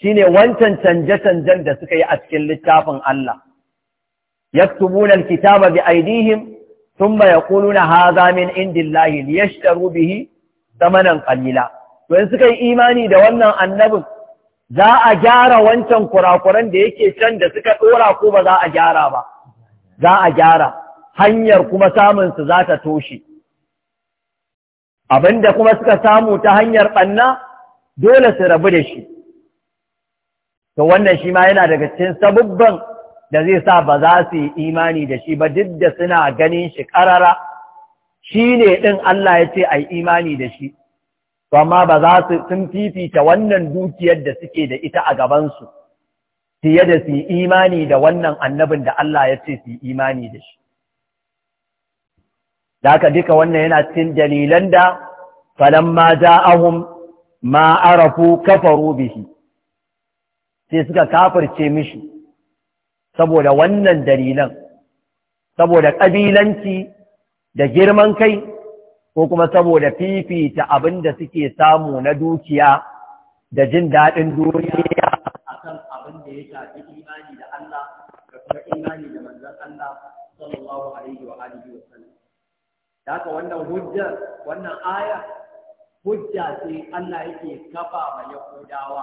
shine wancan canje-canjen da suka yi a cikin littafin Allah yaktubuna alkitaba bi baya thumma yaquluna hadha min indillahi liyashtaru bihi thamanan kalila. to suka yi imani da wannan annabin za a gyara wancan kurakuran da yake can da suka ɗora ko ba za a gyara ba za a gyara hanyar kuma samun su za ta toshe abinda kuma suka samu ta hanyar ɓanna dole su rabu da shi to wannan shi ma yana daga cikin sabubban da zai sa ba za su yi imani da shi ba duk da suna ganin shi ƙarara shi ne ɗin Allah ya ce a imani da shi to amma ba za su sun fifita wannan dukiyar da suke da ita a gabansu fiye da su yi imani da wannan annabin da Allah ya ce su yi imani da shi da haka duka wannan yana cin dalilan da falamma ja'ahum ma arafu kafaru bihi sai suka kafirce mishi saboda wannan dalilan saboda ƙabilanci da girman kai ko kuma saboda fifita abin da suke samu na dukiya da jin daɗin duniya akan abin da ya shafi imani da Allah da kuma imani da manzon Allah sallallahu alaihi wa alihi wa sallam haka wannan hujja wannan aya hujja ce Allah yake kafa ma Yahudawa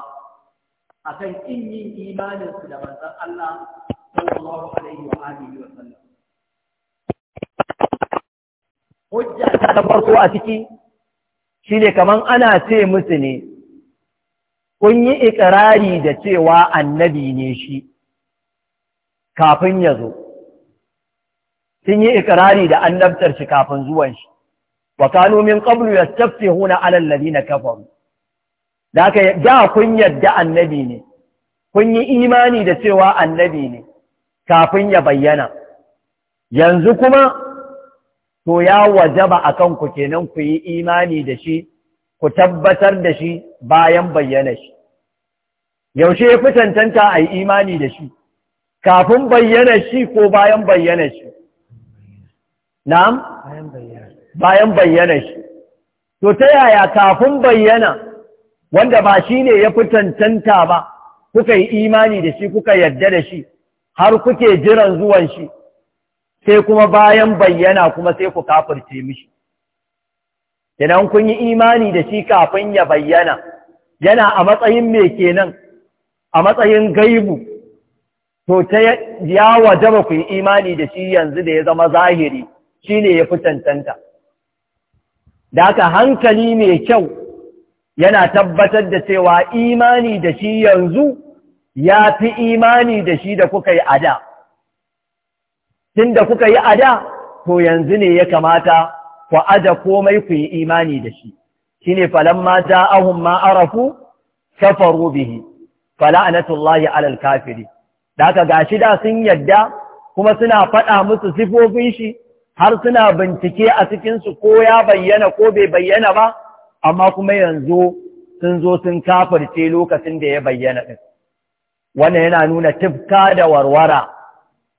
akan kin yin imanin su da manzon Allah sallallahu alaihi wa alihi wa sallam hujja ta farko a ciki shine kaman ana ce musu ne kun yi ikirari da cewa annabi ne shi kafin ya zo sun yi ikirari da annabtar shi kafin zuwan shi wa kanu min qablu yastafihuna ala alladhina kafaru da da kun yarda annabi ne kun yi imani da cewa annabi ne kafin ya bayyana yanzu kuma to ya wajaba akan ku kenan ku yi imani da shi ku tabbatar da shi bayan bayyana shi yaushe ya fi tantanta a yi imani da shi kafin bayyana shi ko bayan bayyana shi na'am bayan bayyana shi to ta yaya kafin bayyana wanda ba shi ne ya fi tantanta ba kuka yi imani da shi kuka yarda da shi har kuke jiran zuwan shi sai kuma bayan bayyana kuma sai ku kafirce mishi idan kun yi imani da shi kafin ya bayyana yana a matsayin me kenan a matsayin gaibu to ta ya wajaba ku yi imani da shi yanzu da ya zama zahiri shi ne ya fi tantanta da aka hankali mai kyau yana tabbatar da cewa imani da shi yanzu ya fi imani da shi da kuka yi ada tun da kuka yi ada to yanzu ne ya kamata ku aja komai ku yi imani da shi shi ne falon ja'ahum ma ma'arafu, kafaru bihi fala'anatullahi alal kafiri da ga gashi da sun yadda kuma suna faɗa musu sifofin shi har suna bincike a cikinsu ko ya bayyana ko bai bayyana ba, amma kuma yanzu sun zo sun kafirce lokacin da ya bayyana ɗin. Wannan yana nuna tifka da warwara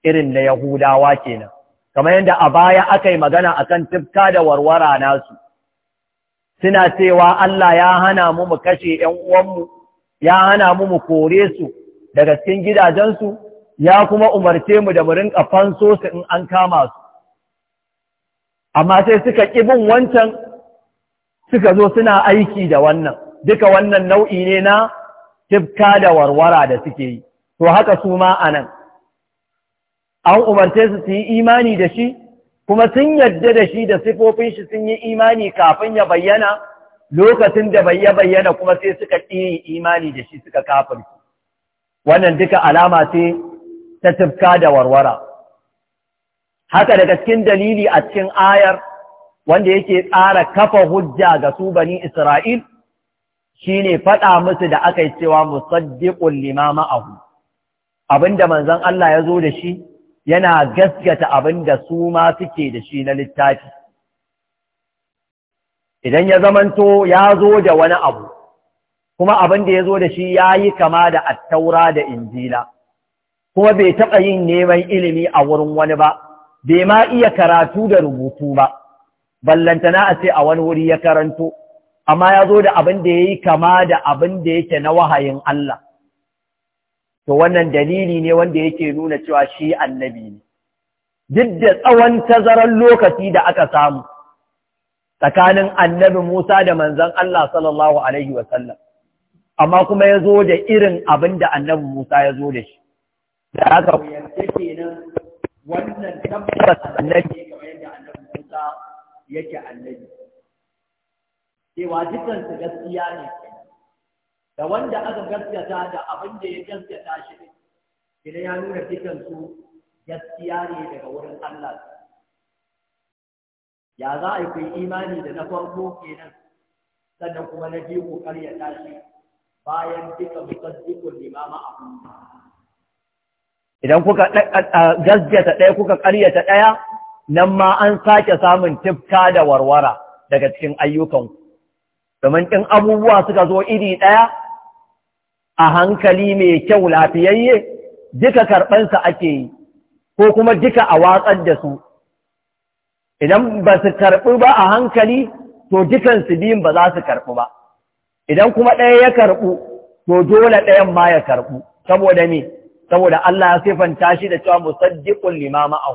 irin na Yahudawa kenan, kamar yadda a baya aka yi magana akan tifka da warwara nasu. Suna cewa Allah ya hana mu mu kashe ‘yan uwanmu, ya hana mu mu kore su daga cikin gidajensu, ya kuma umarce mu da mu rinƙa fanso su in an kama su. amma sai suka ƙi bin wancan suka zo suna aiki da wannan duka wannan nau'i ne na tifka da warwara da suke yi to haka su ma a nan an umarce su su yi imani da shi kuma sun yadda da shi da sifofin shi sun yi imani kafin ya bayyana lokacin da bai ya bayyana kuma sai suka ƙi imani da shi suka kafirci wannan duka alama ce ta tifka da warwara haka daga cikin dalili a cikin ayar wanda yake tsara kafa hujja ga su bani Isra'il shi ne faɗa musu da aka yi cewa musaddiqul lima abin abinda manzon Allah ya zo da shi yana gaskata da su ma suke da shi na littafi idan ya zamanto ya zo da wani abu kuma abinda ya zo da shi ya yi kama da attaura da injila kuma bai taɓa yin neman ilimi a wurin wani ba bai ma iya karatu da rubutu ba ballantana a ce a wani wuri ya karanto amma ya zo da abin da ya yi kama da abin da yake na wahayin Allah to wannan dalili ne wanda yake nuna cewa shi annabi ne duk da tsawon tazarar lokaci da aka samu tsakanin annabi Musa da manzon Allah sallallahu alaihi wasallam amma kuma ya zo da irin abin da annabi Musa ya zo da shi da haka wannan tabbas annabi kamar yadda annabi Musa yake annabi cewa dukkan su gaskiya ne da wanda aka gaskata da abin da ya gaskata shi ne ya nuna dukkan su gaskiya ne daga wurin Allah ya za a yi imani da na farko kenan sannan kuma na biyu ku karya tashi bayan duka musaddiqul limama abu idan kuka ta ɗaya kuka ƙaryata ɗaya nan ma an sake samun tifka da warwara daga cikin ayyukanku domin in abubuwa suka zo iri ɗaya a hankali mai kyau lafiyayye duka karɓansa ake yi ko kuma duka a watsar da su idan ba su karɓi ba a hankali to dukansu biyun ba za su karɓi ba idan kuma ɗaya ya karɓu to dole ɗayan ma ya karɓu saboda me saboda Allah ya sifanta shi da cewa musaddiqul limama aw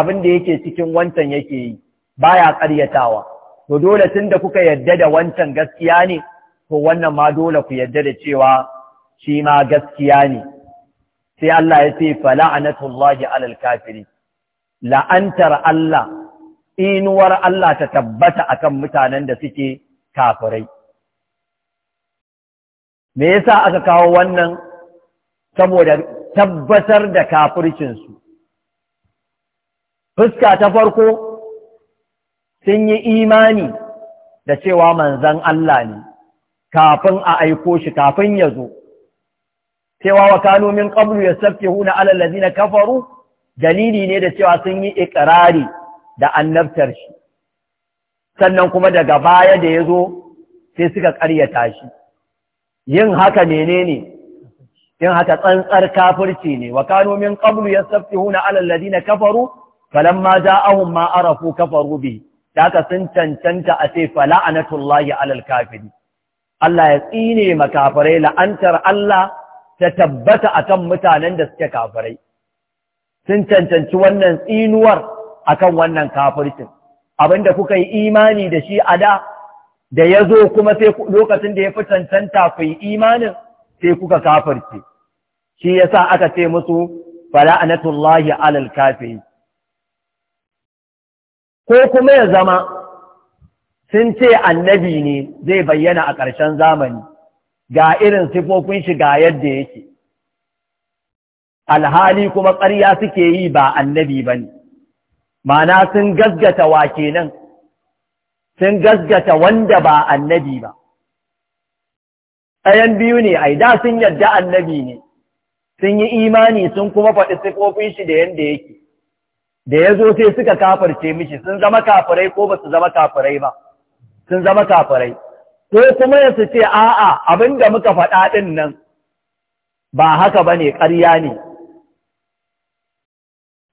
abin da yake cikin wancan yake yi baya ƙaryatawa to dole tunda kuka yadda da wancan gaskiya ne to wannan ma dole ku yadda da cewa shi ma gaskiya ne sai Allah ya ce fala'anatullahi alal kafiri la'antar Allah inuwar Allah ta tabbata akan mutanen da suke kafirai me yasa aka kawo wannan saboda tabbatar da kafircinsu fuska ta farko sun yi imani da cewa manzan Allah ne kafin a aiko shi kafin ya zo cewa wa kano min safke huna ala na kafaru dalili ne da cewa sun yi ikirari da annabtar shi sannan kuma daga baya da ya zo sai suka ƙaryata shi yin haka menene in haka tsantsar kafirci ne wa kanu min qablu yastaftihuna ala alladhina kafaru falamma ja'ahum ma arafu kafaru bi daga sun cancanta a ce fala'anatullahi alal kafiri Allah ya tsine makafirai la'antar Allah ta tabbata akan mutanen da suke kafirai sun cancanci wannan tsinuwar akan wannan kafircin abinda kuka yi imani da shi a da da ya zo kuma sai lokacin da ya fi cancanta ku yi imanin sai kuka kafirce shi yasa aka ce musu fala'anatullahi alal kafiri ko kuma ya zama sun ce annabi ne zai bayyana a ƙarshen zamani ga irin sifofin shi ga yadda yake alhali kuma ƙarya suke yi ba annabi ba ne ma'ana sun gasgata wa kenan sun gasgata wanda ba annabi ba ɗayan biyu ne ai da sun yarda annabi ne sun yi imani sun kuma faɗi sifofin shi da yanda yake da ya zo sai suka kafarce mishi sun zama kafirai ko ba su zama kafirai ba sun zama kafirai ko kuma ya ce a'a abin da muka faɗa ɗin nan ba haka ba ne ƙarya ne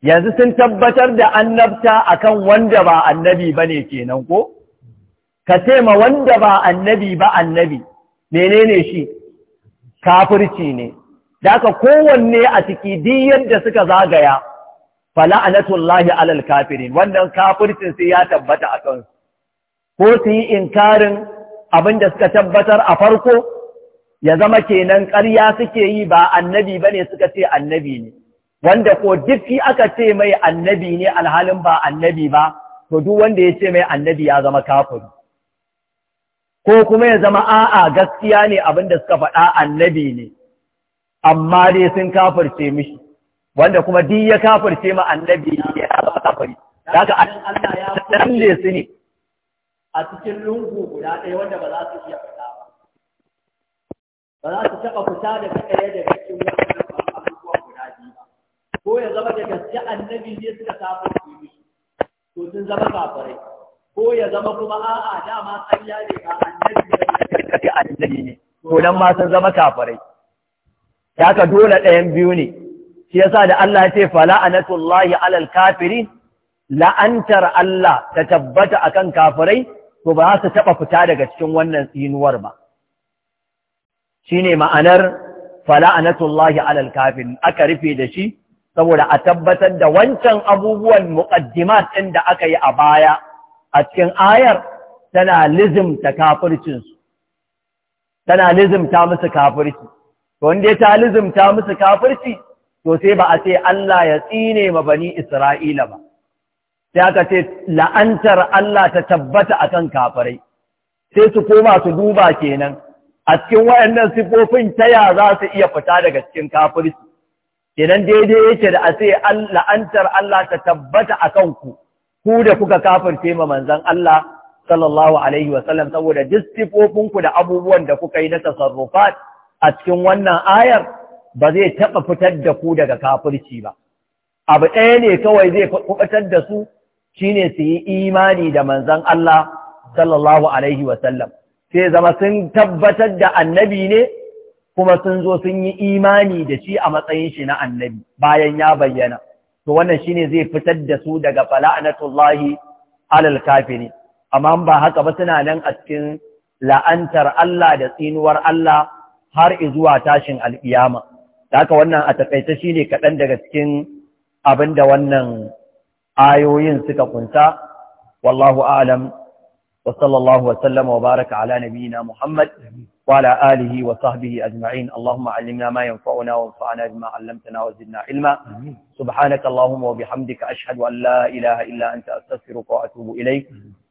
yanzu sun tabbatar da annabta kan wanda ba annabi ba ne kenan ko ka ce ma wanda ba annabi ba annabi menene shi kafirci ne da aka kowanne a ciki diyar da suka zagaya fala'anatullahi alal kafirin wannan kafircin sai ya tabbata a kansu ko su yi inkarin abin da suka tabbatar a farko ya zama kenan karya suke yi ba annabi bane suka ce annabi ne wanda ko duk aka ce mai annabi ne alhalin ba annabi ba to duk wanda ya ce mai annabi ya zama kafir ko kuma ya zama a'a gaskiya ne abin da suka faɗa annabi ne amma dai sun kafarce mishi wanda kuma din ya kafarce ma annabi ya kafiri haka Allah ya danne su ne a cikin lungu guda ɗaya wanda ba za su iya fita ba ba za su taɓa fita daga ɗaya daga cikin wannan abubuwa guda biyu ba ko ya zama da gaske annabi ne suka kafirce mishi to sun zama kafarai. ko ya zama kuma a'a dama ƙarya ne ba annabi ne ko ne ma sun zama kafarai. haka dole ɗayan biyu ne shi yasa da Allah ya ce fala anatullahi alal kafirin la'antar Allah ta tabbata akan kafirai to ba su taɓa fita daga cikin wannan tsinuwar ba shine ma'anar fala anatullahi alal kafirin aka rufe da shi saboda a tabbatar da wancan abubuwan muqaddimat ɗin da aka yi a baya a cikin ayar tana lizimta kafircinsu tana lizimta musu kafirci wanda ta lizumta musu kafirci to sai ba a ce Allah ya tsine ma bani Isra'ila ba sai aka ce la'antar Allah ta tabbata akan kafirai sai su koma su duba kenan a cikin waɗannan sifofin ta ya za su iya fita daga cikin kafirci kenan daidai yake da a ce la'antar Allah ta tabbata akan ku ku da kuka kafirce ma manzon Allah sallallahu alaihi saboda duk sifofinku da abubuwan da kuka yi na tasarrufat a cikin wannan ayar ba zai taɓa fitar da ku daga kafirci ba abu ɗaya ne kawai zai fitar da su shine su yi imani da manzon Allah sallallahu alaihi wasallam sai zama sun tabbatar da annabi ne kuma sun zo sun yi imani da shi a matsayin shi na annabi bayan ya bayyana to wannan shine zai fitar da su daga fala'anatullahi alal kafiri amma ba haka ba suna nan a cikin la'antar Allah da tsinuwar Allah har izuwa tashin al'iyama. Da haka wannan a taƙaita shi ne kaɗan daga cikin abin da wannan ayoyin suka kunsa, wallahu alam, wa sallallahu wa sallama wa baraka ala nabiyina Muhammad wa ala alihi wa sahbihi ajma'in, Allahumma allimna ma yanfa'una wa fa'ana bima 'allamtana wa zidna ilma. Subhanaka Allahumma wa bihamdika ashhadu an la ilaha illa anta astaghfiruka wa atubu ilayk.